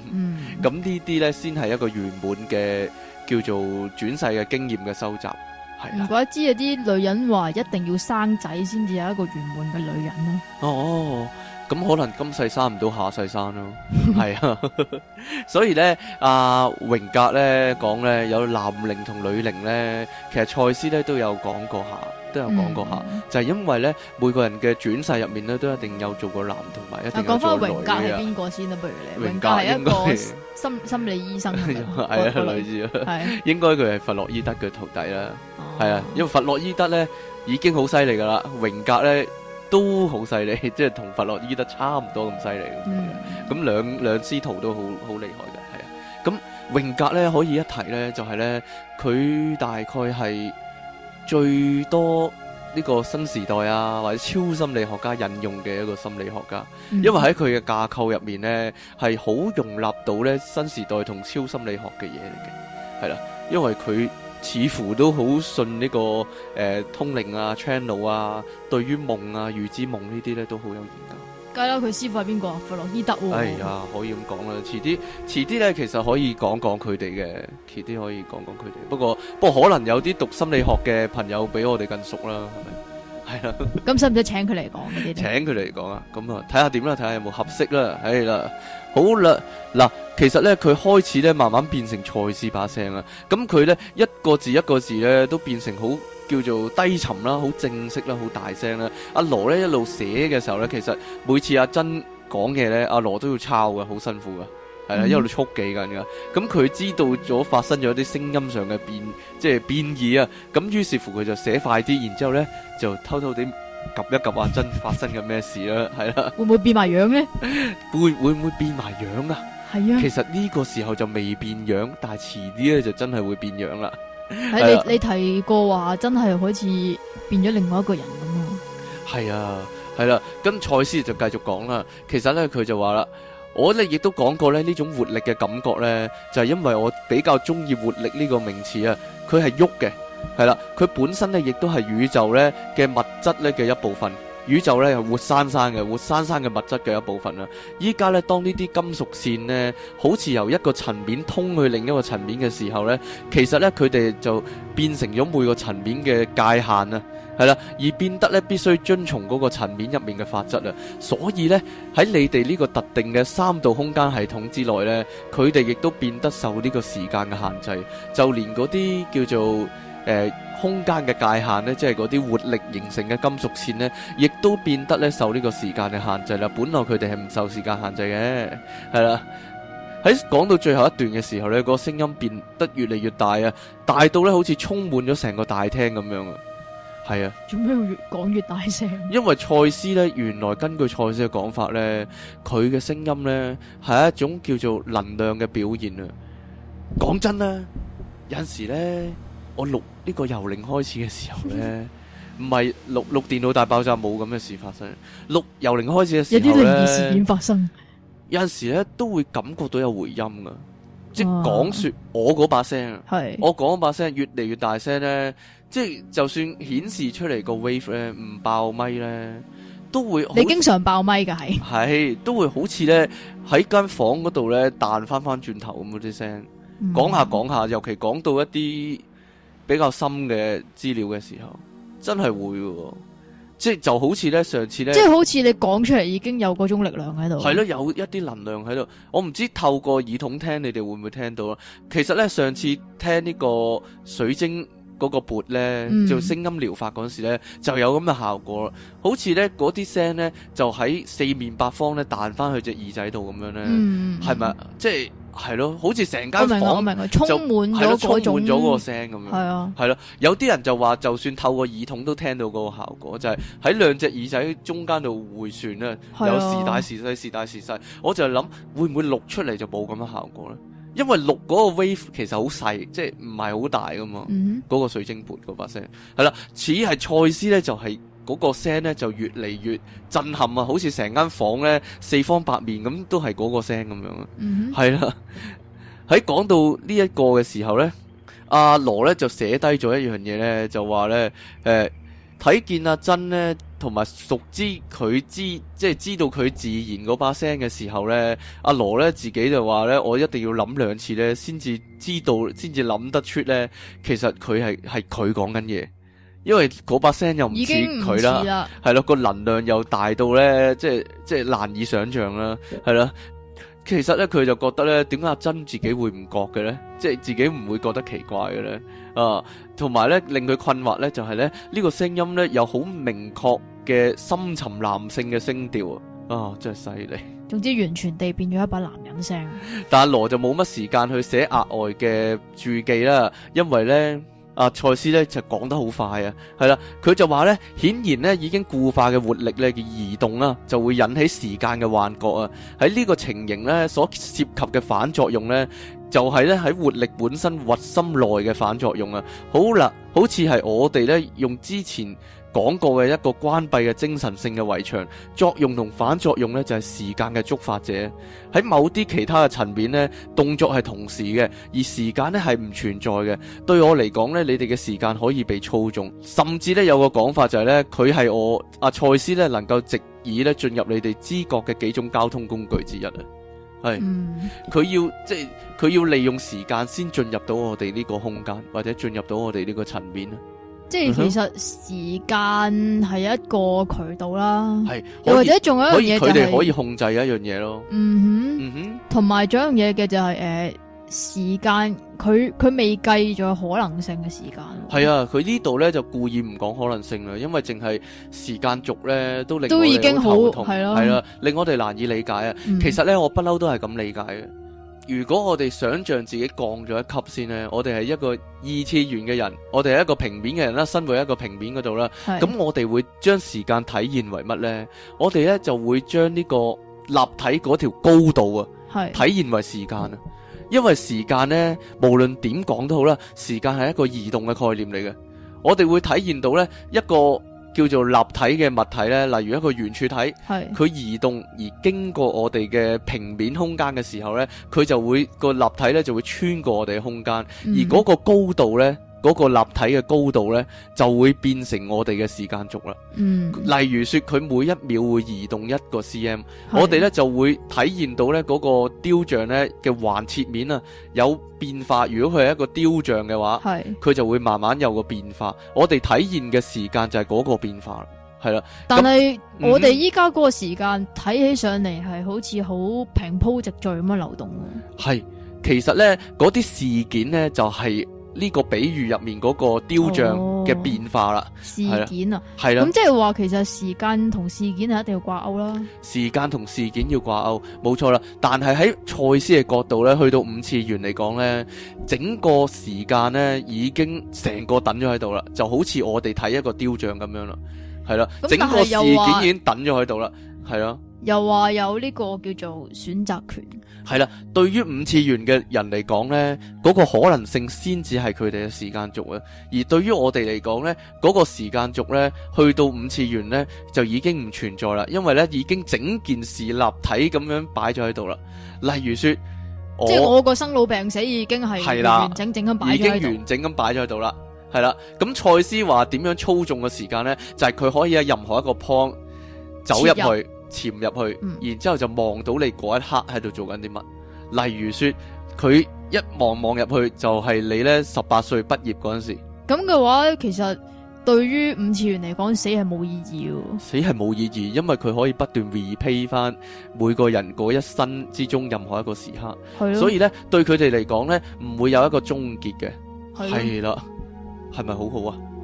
S1: 咁呢啲咧先係一個圓滿嘅叫做轉世嘅經驗嘅收集。係，唔
S2: 怪之啊！啲女人話一定要生仔先至有一個圓滿嘅女人咯。
S1: 哦，咁可能今世生唔到下世生咯。係啊，所以咧阿榮格咧講咧有男靈同女靈咧，其實賽斯咧都有講過下。都有講過嚇，嗯、就係因為咧，每個人嘅轉世入面咧，都一定有做過男同埋一定有做過女啊。啊，講翻榮格係邊
S2: 個先啦？不如你，榮格係一個心心理醫生是是，個、 *laughs* 啊、女字，
S1: 係應該佢係弗洛伊德嘅徒弟啦。係啊，啊，因為弗洛伊德咧已經好犀利噶啦，榮格咧都好犀利，即係同弗洛伊德差唔多咁犀利咁樣。咁、嗯、兩兩師徒都好好厲害嘅，係啊。咁榮格咧可以一提咧，就係咧佢大概係。最多呢個新時代啊，或者超心理學家引用嘅一個心理學家，因為喺佢嘅架構入面咧，係好容納到咧新時代同超心理學嘅嘢嚟嘅，係啦，因為佢似乎都好信呢個誒、呃、通靈啊、channel 啊，對於夢啊、預知夢呢啲咧都好有研究。
S2: 梗啦，佢師傅係邊個？弗洛伊德喎、哦。哎呀，
S1: 可以咁講啦，遲啲，遲啲咧，其實可以講講佢哋嘅，遲啲可以講講佢哋。不過，不過可能有啲讀心理學嘅朋友比我哋更熟啦，係咪？係啦。
S2: 咁使唔使請佢嚟講，
S1: 講？啲請佢嚟講啊，咁啊，睇下點啦，睇下有冇合適啦。係啦，好啦，嗱，其實咧，佢開始咧，慢慢變成賽斯把聲啦。咁佢咧一個字一個字咧都變成好。叫做低沉啦，好正式啦，好大聲啦。阿羅咧一路寫嘅時候咧，其實每次阿珍講嘢咧，阿羅都要抄嘅，好辛苦噶。係啦、嗯，一路速記緊噶。咁佢知道咗發生咗啲聲音上嘅變，即係變異啊。咁於是乎佢就寫快啲，然之後咧就偷偷地 𥄫 一 𥄫 阿、啊、珍發生嘅咩事啦。係啦 *laughs* 的，會
S2: 唔會變埋樣咧？
S1: 會會唔會變埋樣啊？係啊的，其實呢個時候就未變樣，但係遲啲咧就真係會變樣啦。係 *laughs* 你你
S2: 提過話真係好似變咗另外一個人咁啊！
S1: 係啊，係啦，咁賽斯就繼續講啦。其實咧，佢就話啦，我咧亦都講過咧，呢種活力嘅感覺咧，就係因為我比較中意活力呢個名詞啊。佢係喐嘅，係啦，佢本身咧亦都係宇宙咧嘅物質咧嘅一部分。宇宙咧，係活生生嘅，活生生嘅物質嘅一部分啦。依家咧，當呢啲金屬線呢，好似由一個層面通去另一個層面嘅時候呢，其實呢，佢哋就變成咗每個層面嘅界限啦，係啦，而變得咧必須遵從嗰個層面入面嘅法則。所以呢，喺你哋呢個特定嘅三度空間系統之內呢，佢哋亦都變得受呢個時間嘅限制，就連嗰啲叫做誒。呃空間嘅界限呢，即係嗰啲活力形成嘅金屬線呢，亦都變得呢受呢個時間嘅限制啦。本來佢哋係唔受時間限制嘅，係啦。喺講到最後一段嘅時候呢，呢個聲音變得越嚟越大啊，大到呢好似充滿咗成個大廳咁樣啊。係啊，做咩要越講越大聲？因為賽斯呢，原來根據賽斯嘅講法呢，佢嘅聲音呢係一種叫做能量嘅表現啊。講真呢，有時呢，我錄。呢個由零開始嘅時候咧，唔係六六電腦大爆炸冇咁嘅事發生。六由零開始嘅時候咧，有啲靈異事件發生。有陣時咧都會感覺到有回音噶，即係講說我嗰把聲，係、哦、我講把聲越嚟越大聲咧，即係就算顯示出嚟個 wave 咧唔爆咪咧，都會你經
S2: 常爆咪噶
S1: 係，係都會好似咧喺間房嗰度咧彈翻翻轉頭咁嗰啲聲，嗯、講下講下，尤其講到一啲。比較深嘅資料嘅時候，真係會喎，即係就好似咧上次咧，即係好
S2: 似你講出嚟已經有嗰種力量喺度，係咯，
S1: 有一啲能量喺度。我唔知透過耳筒聽你哋會唔會聽到呢？其實咧上次聽呢個水晶嗰個缽咧，嗯、做聲音療法嗰時咧，就有咁嘅效果啦。好似咧嗰啲聲咧，就喺四面八方咧彈翻去隻耳仔度咁樣咧，係咪、嗯？即係。係咯，好似成間房間明明充滿咗嗰種，係咯的，有啲人就話就算透過耳筒都聽到嗰個效果，就係喺兩隻耳仔中間度回旋咧，有時大時細，時大時細。我就係諗會唔會錄出嚟就冇咁嘅效果咧？因為錄嗰個 wave 其實好細，即係唔係好大噶嘛。嗰、嗯、哼個水晶缽嗰把聲，係啦，似係賽斯咧就係、是。嗰個聲咧就越嚟越震撼啊！好似成間房咧四方八面咁，都係嗰個聲咁樣。嗯，mm-hmm. 係啦。喺講到呢一個嘅時候咧，阿羅咧就寫低咗一樣嘢咧，就話咧誒睇見阿珍咧，同埋熟知佢知即係知道佢自然嗰把聲嘅時候咧，阿羅咧自己就話咧，我一定要諗兩次咧，先至知道，先至諗得出咧，其實佢係係佢講緊嘢。因為嗰把聲又唔似佢啦，係咯個能量又大到咧，即係即係難以想象啦，係啦。其實咧佢就覺得咧，點解阿珍自己會唔覺嘅咧？即係自己唔會覺得奇怪嘅咧？啊，同埋咧令佢困惑咧就係咧呢個聲音咧有好明確嘅深沉男性嘅聲調啊！啊，真係犀利。
S2: 總之完全地變咗一把男人聲。
S1: 但阿羅就冇乜時間去寫額外嘅注記啦，因為咧。啊，賽斯咧就講得好快啊，係啦，佢就話咧，顯然咧已經固化嘅活力咧嘅移動啦、啊，就會引起時間嘅幻覺啊。喺呢個情形咧，所涉及嘅反作用咧，就係咧喺活力本身核心內嘅反作用啊。好啦，好似係我哋咧用之前，講過嘅一個關閉嘅精神性嘅圍牆作用同反作用呢，就係、是、時間嘅觸發者。喺某啲其他嘅層面呢，動作係同時嘅，而時間呢係唔存在嘅。對我嚟講呢，你哋嘅時間可以被操縱，甚至呢，有個講法就係呢：它是我「佢係我阿賽斯呢，能夠直以咧進入你哋知覺嘅幾種交通工具之一啊。係，佢、嗯、要即係佢要利用時間先進入到我哋呢個空間，或者進入到我哋呢個層面。
S2: 即係其實時間係一個渠道啦，又或者仲有一樣嘢就可以佢哋、就是、可，可以
S1: 控制一樣嘢咯。嗯哼，嗯哼，
S2: 同埋仲有一樣嘢嘅就係、是，誒、呃，時間佢佢未計咗可能性嘅時間。
S1: 係啊，佢呢度咧就故意唔講可能性啦，因為淨係時間軸咧都令我哋好頭痛，係咯，係啦、啊啊，令我哋難以理解啊。嗯、其實咧，我不嬲都係咁理解嘅。如果我哋想象自己降咗一級先呢，我哋係一個二次元嘅人，我哋係一個平面嘅人啦，身喺一個平面嗰度啦，咁是我哋會將時間體現為乜咧？我哋咧就會將呢個立體嗰條高度啊，是體現為時間啊，因為時間咧無論點講都好啦，時間係一個移動嘅概念嚟嘅，我哋會體現到咧一個。叫做立體嘅物體咧，例如一個圓柱體，佢是移動而經過我哋嘅平面空間嘅時候咧，佢就會個立體咧就會穿過我哋嘅空間，嗯、而嗰個高度咧。嗰個立體嘅高度呢，就會變成我哋嘅時間軸啦。嗯，例如說佢每一秒會移動一個 cm，是我哋呢就會體驗到呢嗰個雕像呢嘅橫切面啊有變化。如果佢係一個雕像嘅話，係佢是就會慢慢有個變化。我哋體驗嘅時間就係嗰個變化啦，係啦。但係是 那我哋依
S2: 家嗰個時間睇、嗯、起上嚟係好似好平鋪直敍咁樣流
S1: 動。係，其實呢嗰啲事件呢，就係、是。呢個比喻入面嗰個雕像嘅變化啦，哦、係事件啊，係啦係，咁即
S2: 係話其實時間同事件係一定要掛鈎啦，
S1: 時間同事件要掛鈎，冇錯啦。但係喺賽斯嘅角度咧，去到五次元嚟講咧，整個時間咧已經成個等咗喺度啦，就好似我哋睇一個雕像咁樣啦，係啦，係整個事件已經等咗喺度啦。係啊，
S2: 又話有呢個叫做選擇權。
S1: 係啦、啊，對於五次元嘅人嚟講呢嗰、嗰個可能性先至係佢哋嘅時間軸啊。而對於我哋嚟講呢嗰、嗰個時間軸呢去到五次元呢就已經唔存在啦。因為呢已經整件事立體咁樣擺咗喺度啦。例如說，我即係我
S2: 個生老病死已經係完整
S1: 整咁擺咗喺度啦。係啦、啊，咁、啊、賽斯話點樣操縱嘅時間呢就係、係、佢可以喺任何一個 point。走入去，潛入、嗯、潛入去，然之後就望到你嗰一刻喺度做緊啲乜。例如說，佢一望望入去就係、是、你咧十八歲畢業嗰陣時。
S2: 咁嘅話，其實對於五次元嚟講，死係冇意義。
S1: 死係冇意義，因為佢可以不斷 review 翻每個人嗰一生之中任何一個時刻，的所以咧對佢哋嚟講咧唔會有一個終結嘅。係啦的，係咪好好啊？係，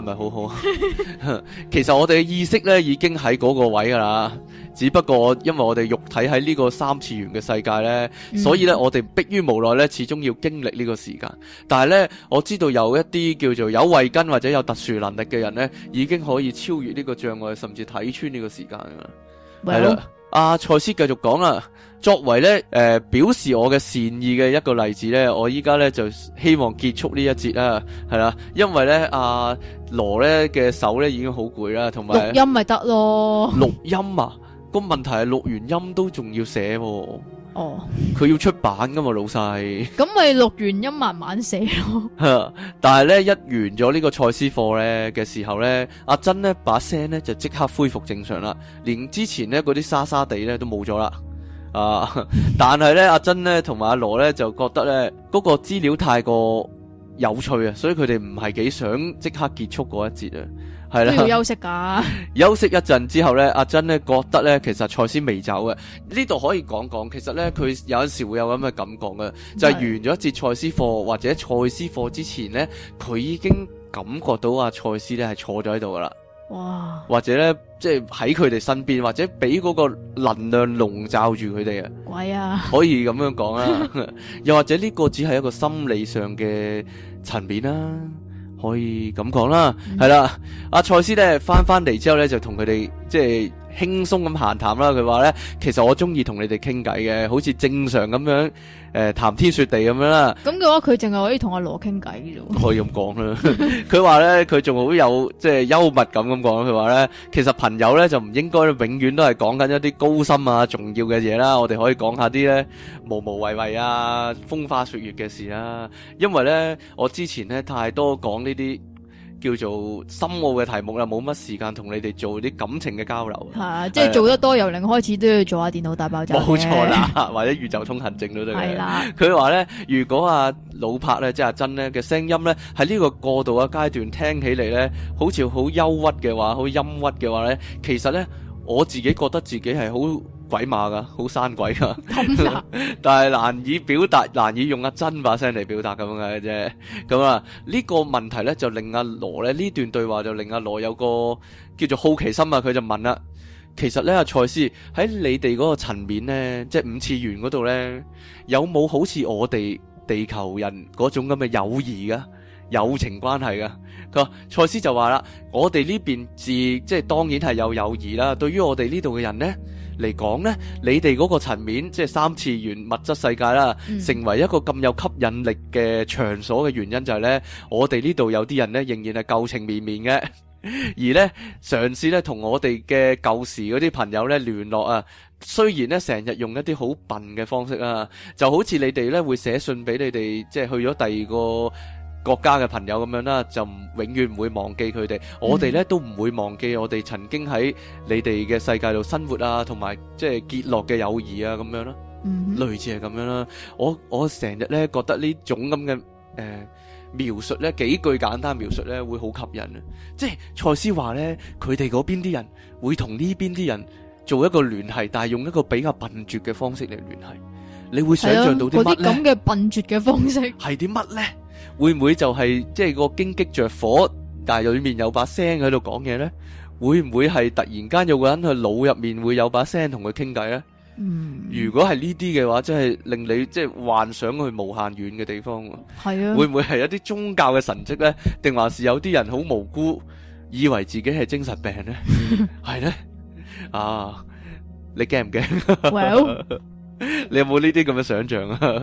S1: 咪、 *laughs* 哎、好好 *laughs* 其實我哋嘅意識咧已經喺嗰個位噶啦，只不過因為我哋肉體喺呢個三次元嘅世界咧，嗯、所以咧我哋迫於無奈咧，始終要經歷呢個時間。但係咧，我知道有一啲叫做有慧根，或者有特殊能力嘅人咧，已經可以超越呢個障礙，甚至睇穿呢個時間噶啦。係啦喂，阿、啊、賽斯繼續講啦。作為咧，誒、呃、表示我嘅善意嘅一個例子咧，我依家咧就希望結束呢一節啦，係啦，因為咧阿、啊、羅咧嘅手咧已經好攰啦，同埋錄音咪得咯，錄音啊、那個問題係錄完音都仲要寫喎、啊，哦，佢要出版噶嘛、啊，老細，
S2: 咁咪錄完音慢慢寫咯、啊。
S1: *laughs* 但係咧一完咗呢個賽斯課咧嘅時候咧，阿珍咧把聲咧就即刻恢復正常啦，連之前咧嗰啲沙沙地咧都冇咗啦。啊！但係咧， *laughs* 阿珍咧同埋阿羅咧就覺得咧嗰、那個資料太過有趣啊，所以佢哋唔係幾想即刻結束嗰一節啊。係啦，要休
S2: 息噶。
S1: *laughs* 休息一陣之後咧，阿珍咧覺得咧其實賽斯未走嘅，呢度可以講講。其實咧佢有陣時會有咁嘅感覺嘅，就係、是、完咗一節賽斯課或者賽斯課之前咧，佢已經感覺到阿、啊、賽斯咧係坐咗喺度噶啦。哇、就是！或者咧，即係喺佢哋身邊，或者俾嗰個能量籠罩住佢哋啊！
S2: 鬼啊！
S1: 可以咁樣講啊！ *laughs* 又或者呢個只係一個心理上嘅層面啦，可以咁講啦。係啦、嗯，阿賽、啊、斯咧返返嚟之後咧，就同佢哋即係。就是輕鬆咁閒談啦，佢話咧，其實我中意同你哋傾偈嘅，好似正常咁樣誒談天說地咁樣啦。
S2: 咁嘅話，佢淨係可以同阿羅傾偈啫喎。可以
S1: 咁講啦，佢話咧，佢仲好有即係幽默感咁講。佢話咧，其實朋友咧就唔應該永遠都係講緊一啲高深啊重要嘅嘢啦。我哋可以講下啲咧無無為為啊風花雪月嘅事啦，因為咧我之前咧太多講呢啲。叫做深奧嘅題目啦，冇乜時間同你哋做啲感情嘅交流。係啊，即係做得
S2: 多，由零開始都要做下電腦大爆炸。冇錯啦，
S1: 或者宇宙通行證都得。係啦，佢話咧，如果阿老柏咧，即係阿珍咧嘅聲音咧，喺呢個過渡嘅階段聽起嚟咧，好似好憂鬱嘅話，好陰鬱嘅話咧，其實咧，我自己覺得自己係好，鬼馬噶，好生鬼噶， *laughs* 但係難以表達，難以用阿真把聲嚟表達咁樣嘅啫。咁啊，呢、這個問題咧就令阿羅咧呢段對話就令阿羅有個叫做好奇心啊。佢就問啦：，其實咧，阿賽斯喺你哋嗰個層面咧，即係五次元嗰度咧，有冇好似我哋地球人嗰種咁嘅友誼啊？友情關係噶？佢話賽斯就話啦：，我哋呢邊自即係當然係有友誼啦。對於我哋呢度嘅人咧。嚟講咧，你哋嗰個層面即係三次元物質世界啦，成為一個咁有吸引力嘅場所嘅原因就係咧，我哋呢度有啲人咧仍然係舊情綿綿嘅，而咧嘗試咧同我哋嘅舊時嗰啲朋友咧聯絡啊，雖然咧成日用一啲好笨嘅方式啊，就好似你哋咧會寫信俾你哋，即係去咗第二個國家嘅朋友咁樣啦，就永遠唔會忘記佢哋。我哋咧都唔會忘記我哋曾經喺你哋嘅世界度生活啊，同埋即係結落嘅友誼啊，咁樣啦，類似係咁樣啦。我我成日咧覺得呢種咁嘅誒描述咧，幾句簡單描述咧會好吸引啊！即係賽斯話咧，佢哋嗰邊啲人會同呢邊啲人做一個聯繫，但係用一個比較笨拙嘅方式嚟聯繫。你會想象到啲咩咧？咁
S2: 嘅笨拙嘅方式係啲乜咧？
S1: 會唔會就係即係個荊棘着火，但係裏面有把聲喺度講嘢咧？會唔會係突然間有個人佢腦入面會有把聲同佢傾偈咧？嗯，如果係呢啲嘅話，真係令你即係幻想去無限遠嘅地方喎。係啊，會唔會係一啲宗教嘅神蹟咧？定還是有啲人好無辜，以為自己係精神病咧？係咧，啊，你驚唔驚？Well，你有冇呢啲咁嘅想象啊？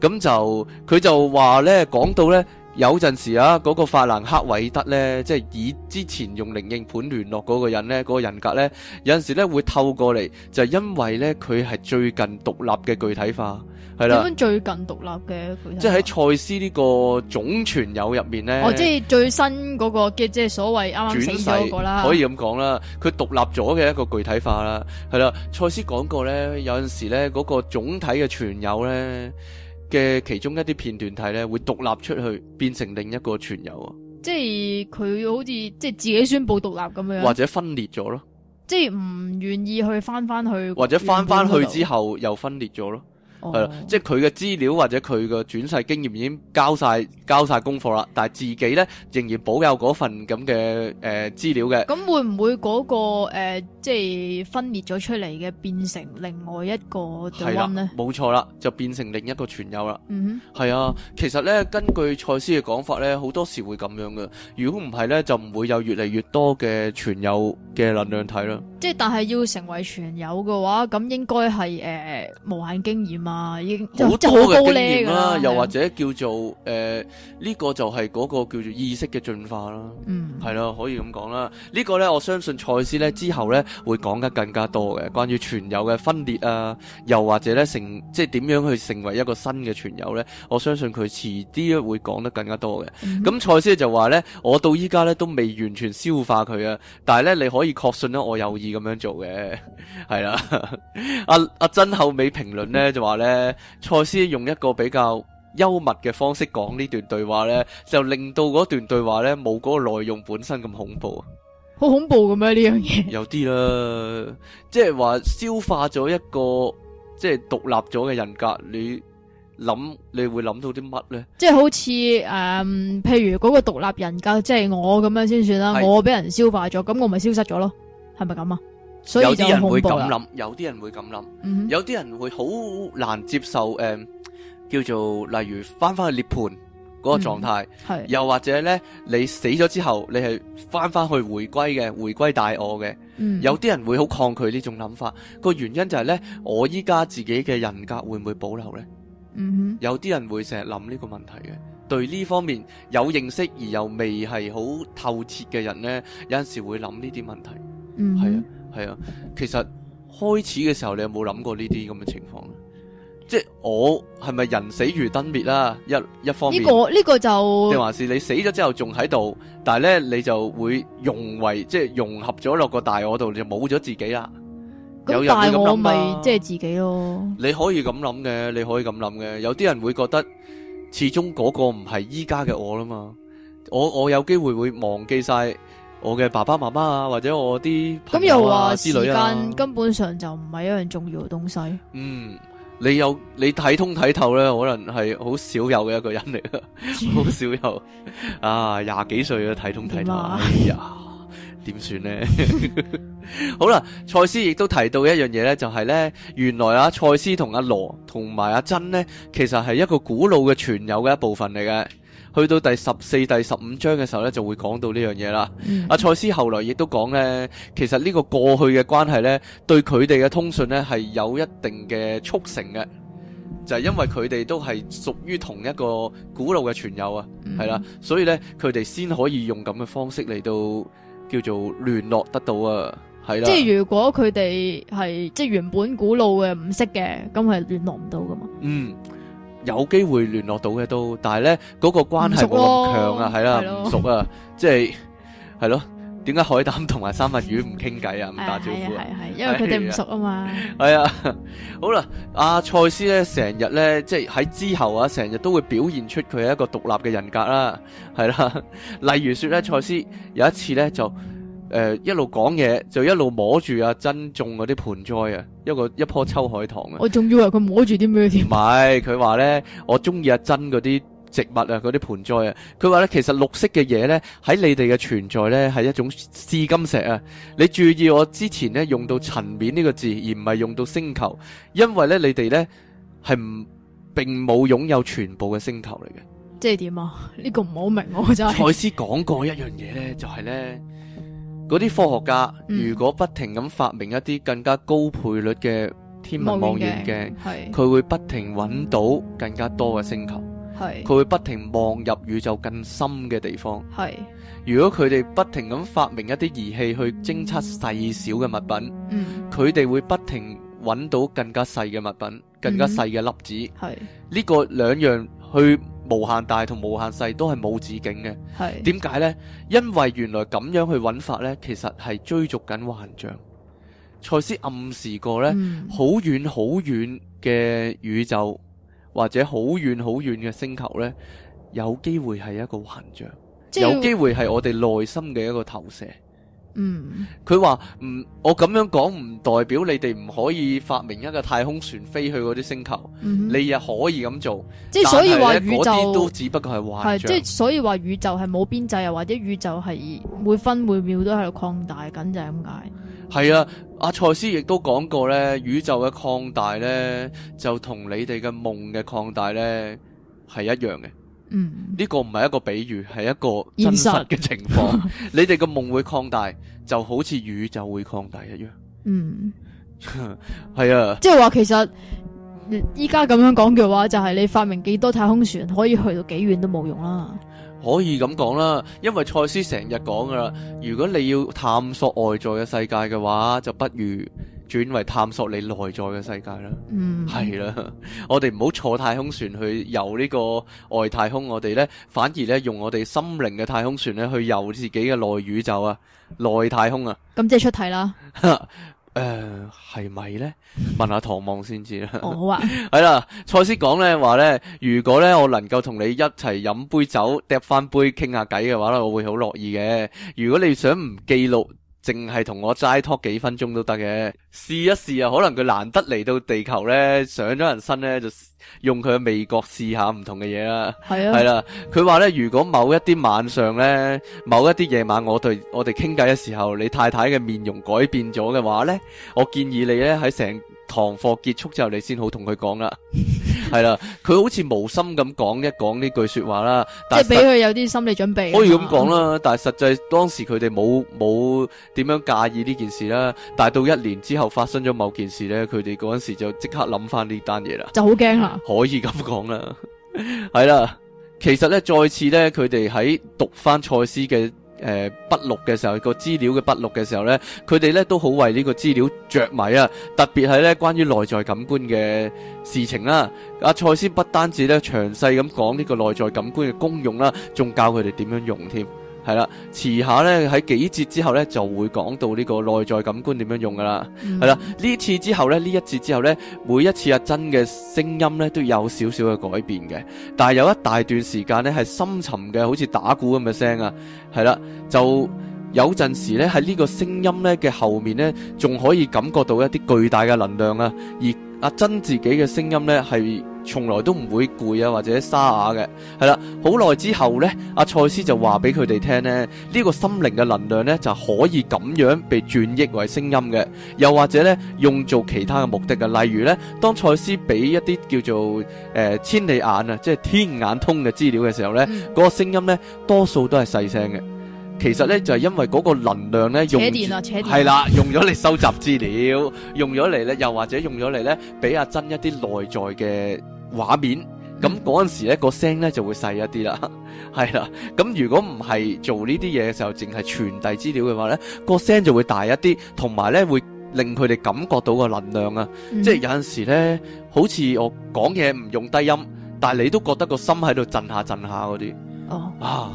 S1: 咁就佢就話咧，講到咧有陣時啊，嗰、那個法蘭克偉德咧，即係以之前用靈應盤聯絡嗰個人咧，嗰、那個人格咧，有陣時咧會透過嚟，就是、因為咧佢係最近獨立嘅具體化，係啦。點樣
S2: 最近獨立嘅具體化？即係喺
S1: 賽斯呢個總傳友入面咧。哦，即係
S2: 最新嗰、那個嘅，即、就、係、是、所謂啱啱死咗嗰個啦。可以
S1: 咁講啦，佢獨立咗嘅一個具體化啦，係啦。賽斯講過咧，有陣時咧嗰、那個總體嘅傳友咧。嘅其中一啲片段睇咧，會獨立出去變成另一個存有
S2: 啊，即係佢好似即係自己宣佈獨立咁樣，或者
S1: 分裂咗咯，
S2: 即係唔願意去返返去，或者返返去之
S1: 後又分裂咗咯。係啦，即係佢嘅資料或者佢嘅轉世經驗已經交晒交晒功課啦，但係自己咧仍然保有嗰份咁嘅誒資料嘅。咁
S2: 會唔會嗰、嗰個誒、呃、即係分裂咗出嚟嘅變成另外一個對，音咧？
S1: 冇錯啦，就變成另一個存有啦。嗯哼、mm，係、hmm. 啊，其實咧根據賽斯嘅講法咧，好多時會咁樣嘅，如果唔係咧，就唔會有越嚟越多嘅存有嘅能量體啦。
S2: 即係但係要成為存有嘅話，咁應該係誒無限經驗啊。啊，已經好多嘅經驗啦，又或者
S1: 叫做誒，呢是的、呃這個就係嗰個叫做意識嘅進化啦，嗯，係啦，可以咁講啦。這個、呢個咧，我相信賽斯咧之後咧會講得更加多嘅，關於全友嘅分裂啊，又或者咧成即係點樣去成為一個新嘅全友咧，我相信佢遲啲會講得更加多嘅。咁賽斯就話咧，我到依家咧都未完全消化佢啊，但係咧你可以確信咧，我有意咁樣做嘅，係啦。阿 *laughs* 阿、啊啊、珍後尾評論咧就話。咧，賽斯用一個比較幽默嘅方式講呢段對話咧，就令到嗰段對話咧冇嗰個內容本身咁恐怖
S2: 啊！好恐怖咁樣呢樣
S1: 嘢有啲啦，即係話消化咗一個即係獨立咗嘅人格，你諗你會諗到啲乜咧？
S2: 即係好似誒、呃，譬如嗰個獨立人格即係、就是、我咁樣先算啦，是我俾人消化咗，咁我咪消失咗咯？係咪咁啊？所有啲人會咁諗，
S1: 有啲人會咁諗，嗯、有啲人會好難接受誒、嗯，叫做例如翻翻去涅槃嗰個狀態，係、嗯、又或者咧，你死咗之後，你係翻翻去回歸嘅，回歸大我嘅，嗯、有啲人會好抗拒呢種諗法。個、嗯、原因就係咧，我依家自己嘅人格會唔會保留咧？嗯哼，有啲人會成日諗呢個問題嘅，對呢方面有認識而又未係好透徹嘅人咧，有陣時會諗呢啲問題，嗯，係啊。係啊，其實開始嘅時候，你有冇諗過呢啲咁嘅情況咧？即係我係咪人死如燈滅啦？一一方面呢個呢
S2: 個就，定還
S1: 是你死咗之後仲喺度，但係咧你就會融為即係融合咗落個大我度，你就冇咗自己啦。嗯、有大我咪即
S2: 係自己咯？
S1: 你可以咁諗嘅，你可以咁諗嘅。有啲人會覺得，始終嗰個唔係依家嘅我啊嘛。我我有機會會忘記晒。我嘅爸爸媽媽啊，或者我啲朋友類啊，子女啊，
S2: 根本上就唔係一樣重要嘅東西。
S1: 嗯，你有你睇通睇透咧，可能係好少有嘅一個人嚟噶，好 *laughs* 少有啊，廿幾歲嘅睇通睇透，哎呀，點算呢？ *laughs* *laughs* 好啦，賽斯亦都提到一樣嘢咧，就係、是、咧，原來啊，賽斯同阿羅同埋阿珍咧，其實係一個古老嘅傳有嘅一部分嚟嘅。去到第十四、第十五章嘅時候咧，就會講到呢樣嘢啦。阿賽、嗯哼啊、斯後來亦都講咧，其實呢個過去嘅關係咧，對佢哋嘅通訊咧係有一定嘅促成嘅，就係、是、因為佢哋都係屬於同一個古老嘅傳友啊，係啦、嗯哼，所以咧佢哋先可以用咁嘅方式嚟到叫做聯絡得到啊，係啦。即係如
S2: 果佢哋係即係原本古老嘅唔識嘅，咁係聯絡唔到噶嘛。嗯。
S1: 有機會聯絡到嘅都，但係咧嗰個關係冇咁強啊，係啦，唔、啊啊、熟啊， *laughs* 即係係咯。點解、啊、海膽同埋三文魚唔傾偈啊？咁打 *laughs* 招呼係、啊、係、啊啊，因為佢哋唔熟啊嘛。係啊，啊，好啦，阿、啊、賽斯咧成日咧即係喺之後啊，成日都會表現出佢係一個獨立嘅人格啦，係啦、啊。例如說咧，賽 *laughs* 斯有一次咧就。誒、呃，一路講嘢就一路摸住阿珍種嗰啲盆栽啊，一個一棵秋海棠啊。我
S2: 仲以為佢摸住啲咩添？
S1: 唔係，佢話咧，我中意阿珍嗰啲植物啊，嗰啲盆栽啊。佢話咧，其實綠色嘅嘢咧，喺你哋嘅存在咧，係一種試金石啊。你注意我之前咧用到層面呢個字，而唔係用到星球，因為咧你哋咧係並冇擁有,有全部嘅星球嚟嘅。
S2: 即係點啊？呢、這個唔好明我真係。賽
S1: 斯講過一樣嘢咧，就係、是、咧。嗰啲科學家如果不停咁發明一啲更加高倍率嘅天文望遠鏡，佢會不停揾到更加多嘅星球。佢會不停望入宇宙更深嘅地方。如果佢哋不停咁發明一啲儀器去偵測細小嘅物品，佢哋會不停揾到更加細嘅物品，更加細嘅粒子。呢個兩樣去。無限大同無限細都係冇止境嘅。係點解呢？因為原來咁樣去揾法呢，其實係追逐緊幻象。賽斯暗示過呢，好遠好遠嘅宇宙，或者好遠好遠嘅星球呢，有機會係一個幻象，有機會係我哋內心嘅一個投射。嗯，佢話唔，我咁樣講唔代表你哋唔可以發明一個太空船飛去嗰啲星球，嗯、哼你亦可以咁做。即係所以話宇宙都只不過係壞。係，即係
S2: 所以話宇宙係冇邊際，或者宇宙係每分每秒都喺度擴大緊，咁就係咁解。
S1: 係啊，阿賽斯亦都講過咧，宇宙嘅擴大咧，就同你哋嘅夢嘅擴大咧係一樣嘅。嗯，呢個唔係一個比喻，係一個現實嘅情況。實你哋嘅夢會擴大， *laughs* 就好似宇宙會擴大一樣。嗯，係 *laughs* 啊。
S2: 即係話其實依家咁樣講嘅話，就係、是、你發明幾多太空船可以去到幾遠都冇用啦。
S1: 可以咁講啦，因為賽斯成日講噶啦，如果你要探索外在嘅世界嘅話，就不如，轉為探索你內在嘅世界啦，嗯，係啦，我哋唔好坐太空船去遊呢個外太空，我哋咧反而咧用我哋心靈嘅太空船咧去遊自己嘅內宇宙啊，內太空啊，
S2: 咁即係出體啦 *laughs* 、
S1: 呃，誒係咪咧？問下唐望先知啦、哦。好啊。係 *laughs* 啦，賽斯講咧話咧，如果咧我能夠同你一齊飲杯酒，掟翻杯傾下偈嘅話咧，我會好樂意嘅。如果你想唔記錄。淨係同我齋拖幾分鐘都得嘅，試一試啊，可能佢難得嚟到地球咧，上咗人身咧就。用佢嘅味覺試下唔同嘅嘢啦，係是啊，係啦。佢話咧，如果某一啲晚上咧，某一啲夜晚，我哋我哋傾偈嘅時候，你太太嘅面容改變咗嘅話咧，我建議你咧喺成堂課結束之後，你先好同佢講啦。係 *laughs* 啦，佢好似無心咁講一講呢句說話啦，即係俾佢有
S2: 啲心理準備。可以咁講啦，
S1: 但係實際當時佢哋冇冇點樣介意呢件事啦。但係到一年之後發生咗某件事咧，佢哋嗰陣時就即刻諗翻呢單嘢啦，就好驚啦。可以咁講啦，係 *laughs* 啦，其實咧，再次咧，佢哋喺讀翻賽斯嘅、誒筆錄嘅時候，個資料嘅筆錄嘅時候咧，佢哋咧都好為呢個資料着迷啊！特別係咧關於內在感官嘅事情啦，阿賽斯不單止咧詳細咁講呢個內在感官嘅功用啦，仲教佢哋點樣用添。係啦，遲下咧喺幾節之後咧就會講到呢個內在感官點樣用噶啦。係啦、嗯，呢次之後咧，呢一節之後咧，每一次阿珍嘅聲音咧都有少少嘅改變嘅。但係有一大段時間咧係深沉嘅，好似打鼓咁嘅聲啊。係啦，就有陣時咧喺呢個聲音咧嘅後面咧，仲可以感覺到一啲巨大嘅能量啊。而阿珍自己嘅聲音咧係，從來都唔會攰啊，或者沙啞嘅，係啦。好耐之後呢，阿賽斯就話俾佢哋聽呢呢、呢個心靈嘅能量呢，就可以咁樣被轉譯為聲音嘅，又或者呢，用做其他嘅目的嘅。例如呢，當賽斯俾一啲叫做誒、呃、千里眼啊，即係天眼通嘅資料嘅時候呢，嗰、嗯、個聲音呢，多數都係細聲嘅。其實呢，就係、是、因為嗰個能量呢，用
S2: 著，係啦，用
S1: 咗嚟收集資料， *laughs* 用咗嚟呢又或者用咗嚟呢，俾阿珍一啲內在嘅。畫面咁，嗰陣時呢個聲呢就會細一啲啦，係 *laughs* 啦。咁如果唔係做呢啲嘢嘅時候，淨係傳遞資料嘅話呢，個聲就會大一啲，同埋呢會令佢哋感覺到個能量啊。嗯、即係有陣時呢好似我講嘢唔用低音，但係你都覺得個心喺度震下震下嗰啲。哦，啊，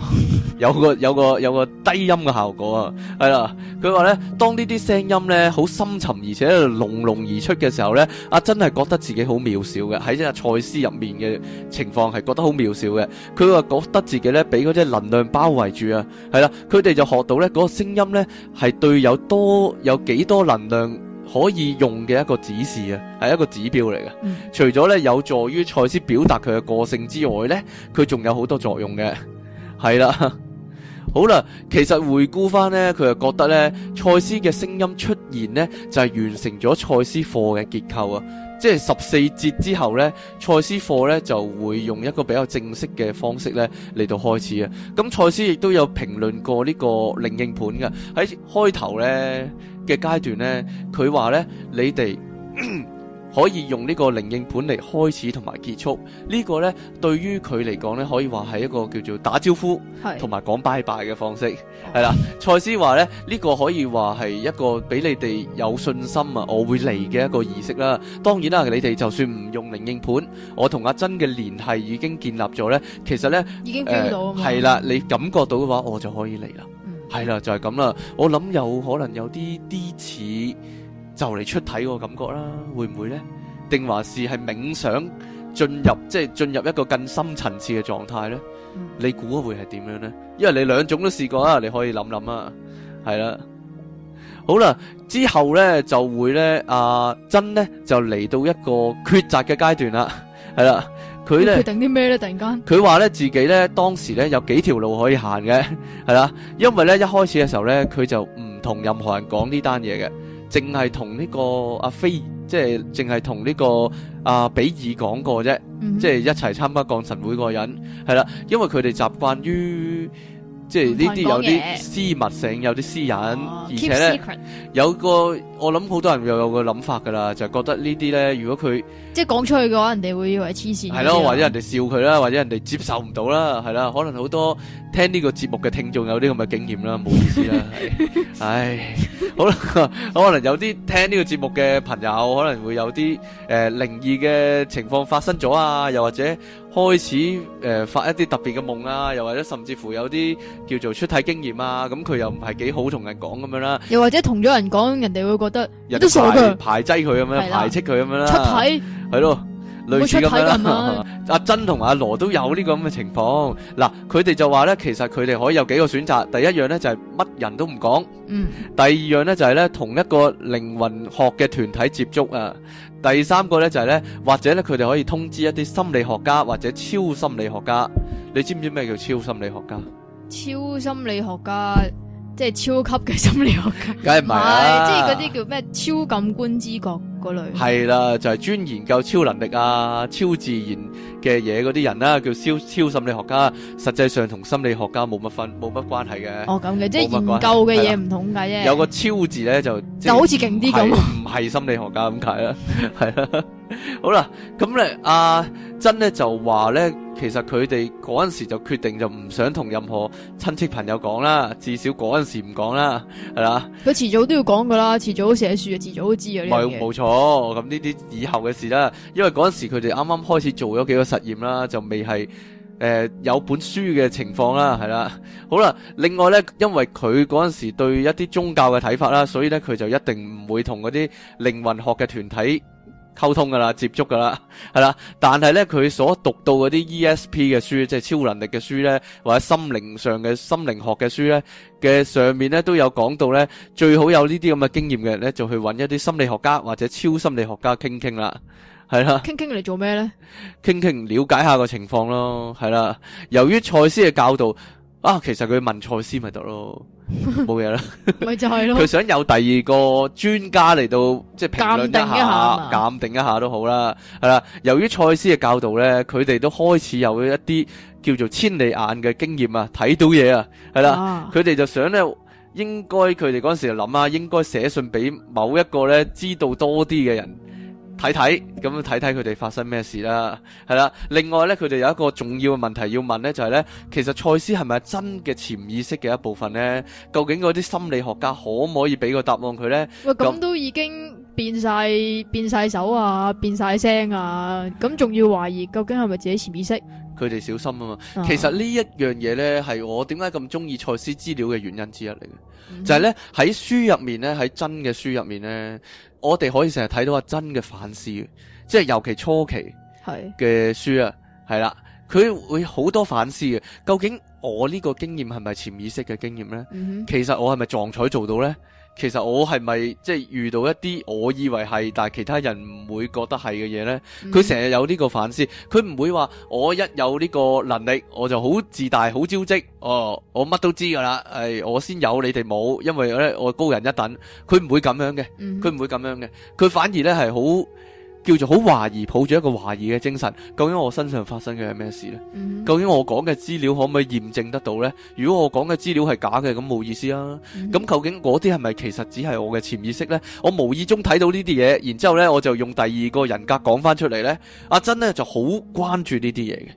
S1: 有個有個有個低音嘅效果啊，係啦，佢話咧，當呢啲聲音咧好深沉而且喺度隆隆而出嘅時候咧，啊真係覺得自己好渺小嘅，喺只賽斯入面嘅情況係覺得好渺小嘅，佢話覺得自己咧俾嗰啲能量包圍住啊，係啦，佢哋就學到咧嗰個聲音咧係對有多有幾多能量，可以用嘅一個指示啊，係一個指標嚟嘅。嗯、除咗咧有助於賽斯表達佢嘅個性之外咧，佢仲有好多作用嘅。係啦，好啦，其實回顧返咧，佢又覺得咧，賽斯嘅聲音出現咧，就係、是、完成咗賽斯課嘅結構啊。即係十四節之後呢，賽斯課呢就會用一個比較正式嘅方式呢嚟到開始啊。咁賽斯亦都有評論過呢個靈應盤嘅，喺開頭呢嘅階段呢，佢話呢：你「你哋。可以用呢個靈應盤嚟開始同埋結束，呢、這個呢，對於佢嚟講呢可以話係一個叫做打招呼同埋講拜拜嘅方式，係啦 Okay.。賽斯話呢，呢、這個可以話係一個俾你哋有信心啊、嗯，我會嚟嘅一個儀式啦。當然啦，你哋就算唔用靈應盤，我同阿珍嘅聯繫已經建立咗呢。其實呢，已經感係啦，你感覺到嘅話，我就可以嚟啦。係啦、嗯，就係咁啦。我諗有可能有啲啲似。就嚟出體個感覺啦，會唔會咧？定還是係冥想進入，即係進入一個更深層次嘅狀態咧？你估會係點樣咧？因為你兩種都試過啊，你可以諗諗啊。係啦，好啦，之後咧就會咧，阿珍咧就嚟到一個抉擇嘅階段啦。係啦，佢咧決
S2: 定啲咩咧？突然間，
S1: 佢話咧自己咧當時咧有幾條路可以行嘅，係啦，因為咧一開始嘅時候咧佢就唔同任何人講呢單嘢嘅。淨係同呢個阿飛、啊，即係淨係同呢個阿、啊、比爾講過啫，mm hmm. 即係一齊參加降神會個人，係啦，因為佢哋習慣於。即係呢啲有啲私密性，有啲私隱，哦、而且咧 Secret 有個我諗好多人又有個諗法㗎啦，就係、覺得呢啲咧，如果佢
S2: 即係講出去嘅話，人哋會以為黐線。係咯啦，或者人
S1: 哋笑佢啦， *laughs* 或者人哋接受唔到啦，係啦，可能好多聽呢個節目嘅聽眾有啲咁嘅經驗啦，唔好意思啦。 *laughs* 唉，好啦，可能有啲聽呢個節目嘅朋友可能會有啲誒、呃、靈異嘅情況發生咗啊，又或者。開始誒、呃、發一啲特別嘅夢啊，又或者甚至乎有啲叫做出體經驗啊，咁佢又唔係幾好同人講咁樣啦。
S2: 又或者同咗人講，人哋會覺得人哋排傻
S1: 排擠佢咁樣，排斥佢咁樣啦。樣出體係咯。類似咁樣，啊、 *laughs* 阿珍同阿羅都有個、嗯、呢個咁嘅情況。嗱，佢哋就話呢，其實佢哋可以有幾個選擇。第一樣呢，就係、是、乜人都唔講。嗯。第二樣呢，就係、是、同一個靈魂學嘅團體接觸啊。第三個呢，就係、是、呢或者呢佢哋可以通知一啲心理學家或者超心理學家。你知唔知咩叫超心理學家？
S2: 超心理學家。即係超級嘅心理學
S1: 家，梗係唔係，即係
S2: 嗰啲叫咩超感官知覺嗰類。係
S1: 啦，就係、是、專研究超能力啊、超自然嘅嘢嗰啲人啦、啊，叫超超心理學家。實際上同心理學家冇乜分，冇乜關係嘅。哦，咁嘅即係研究嘅嘢
S2: 唔同解啫。有個
S1: 超字咧就就好似勁啲咁，唔係心理學家咁解啦，係啦 *laughs* 的。 *laughs* 好啦，咁咧阿珍咧就話咧，其實佢哋嗰陣時就決定就唔想同任何親戚朋友講啦，至少嗰陣時唔講啦，係啦。
S2: 佢遲早都要講噶啦，遲早寫書啊，遲早都知啊呢啲嘢。冇冇
S1: 錯，咁呢啲以後嘅事啦，因為嗰陣時佢哋啱啱開始做咗幾個實驗啦，就未係誒、呃、有本書嘅情況啦，係啦。好啦，另外咧，因為佢嗰陣時對一啲宗教嘅睇法啦，所以咧佢就一定唔會同嗰啲靈魂學嘅團體。溝通噶啦，接觸噶啦，係啦。但係咧，佢所讀到嗰啲 ESP 嘅書，即係超能力嘅書咧，或者心靈上嘅心靈學嘅書咧嘅上面咧，都有講到咧，最好有呢啲咁嘅經驗嘅人咧，就去揾一啲心理學家或者超心理學家傾傾啦，係啦。
S2: 傾傾嚟做咩咧？
S1: 傾傾了解下個情況咯，係啦。由於賽斯嘅教導。啊，其實佢問賽斯咪得咯，冇嘢啦，咪 *laughs* 就係咯。佢想有第二個專家嚟到即係評論一下，鑑定一下都好啦，係啦。由於賽斯嘅教導咧，佢哋都開始有一啲叫做千里眼嘅經驗啊，睇到嘢啊，係啦，佢哋就想咧，應該佢哋嗰陣時就諗啊，應該寫信俾某一個咧知道多啲嘅人。睇睇咁睇睇佢哋發生咩事啦，係啦。另外咧，佢哋有一個重要嘅問題要問咧，就係咧，其實賽斯係咪真嘅潛意識嘅一部分咧？究竟嗰啲心理學家可唔可以俾個答案佢咧？喂，咁
S2: 都已經。變晒變晒手啊，變晒聲啊，咁仲要懷疑，究竟係咪自己潛意識？
S1: 佢哋小心啊嘛。啊其實呢一樣嘢咧，係我點解咁中意賽斯資料嘅原因之一嚟嘅。嗯、哼 就係咧喺書入面咧，喺真嘅書入面咧，我哋可以成日睇到啊真嘅反思，即係尤其初期係嘅書啊，係啦是，佢會好多反思嘅，究竟我呢個經驗係咪潛意識嘅經驗咧？嗯、哼 其實我係咪撞彩做到咧？其實我係咪即係遇到一啲我以為係，但係其他人唔會覺得係嘅嘢呢？佢成日有呢個反思，佢唔會話我一有呢個能力，我就好自大、好招積哦，我乜都知噶啦，係我先有，你哋冇，因為咧我高人一等。佢唔會咁樣嘅，佢唔、嗯、會咁樣嘅，佢反而咧係好。叫做好懷疑，抱住一個懷疑嘅精神，究竟我身上發生嘅係咩事呢、嗯、究竟我講嘅資料可唔可以驗證得到呢？如果我講嘅資料係假嘅，咁冇意思啊！咁、嗯、究竟嗰啲係咪其實只係我嘅潛意識呢？我無意中睇到呢啲嘢，然之後呢，我就用第二個人格講翻出嚟呢，阿珍呢就好關注呢啲嘢嘅。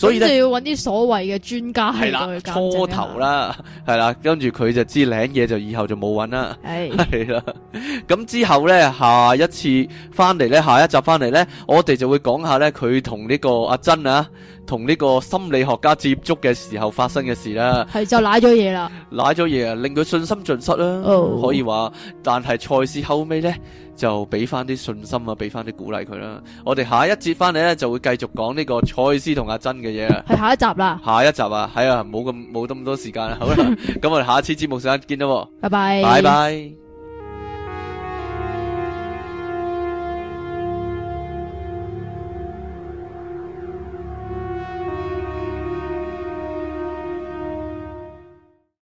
S1: 所以咧，就要
S2: 揾啲所謂嘅專家嚟做佢鑑證。
S1: 初頭啦，係啦，跟住佢就知領嘢就以後就冇揾啦。係啦的，咁之後咧，下一次翻嚟咧，下一集翻嚟咧，我哋就會講下咧，佢同呢個阿珍啊。同呢個心理學家接觸嘅時候發生嘅事啦，係
S2: 就瀨咗嘢啦，
S1: 瀨咗嘢啊，令佢信心盡失啦，oh. 可以話，但係賽斯後尾咧就俾翻啲信心啊，俾翻啲鼓勵佢啦。我哋下一節翻嚟咧就會繼續講呢個賽斯同阿珍嘅嘢啦，係下一集啦，下一集啊，係啊，冇咁冇咁多時間啦，好啦，咁 *laughs* 我哋下一次節目時間見到，拜拜 bye，拜拜。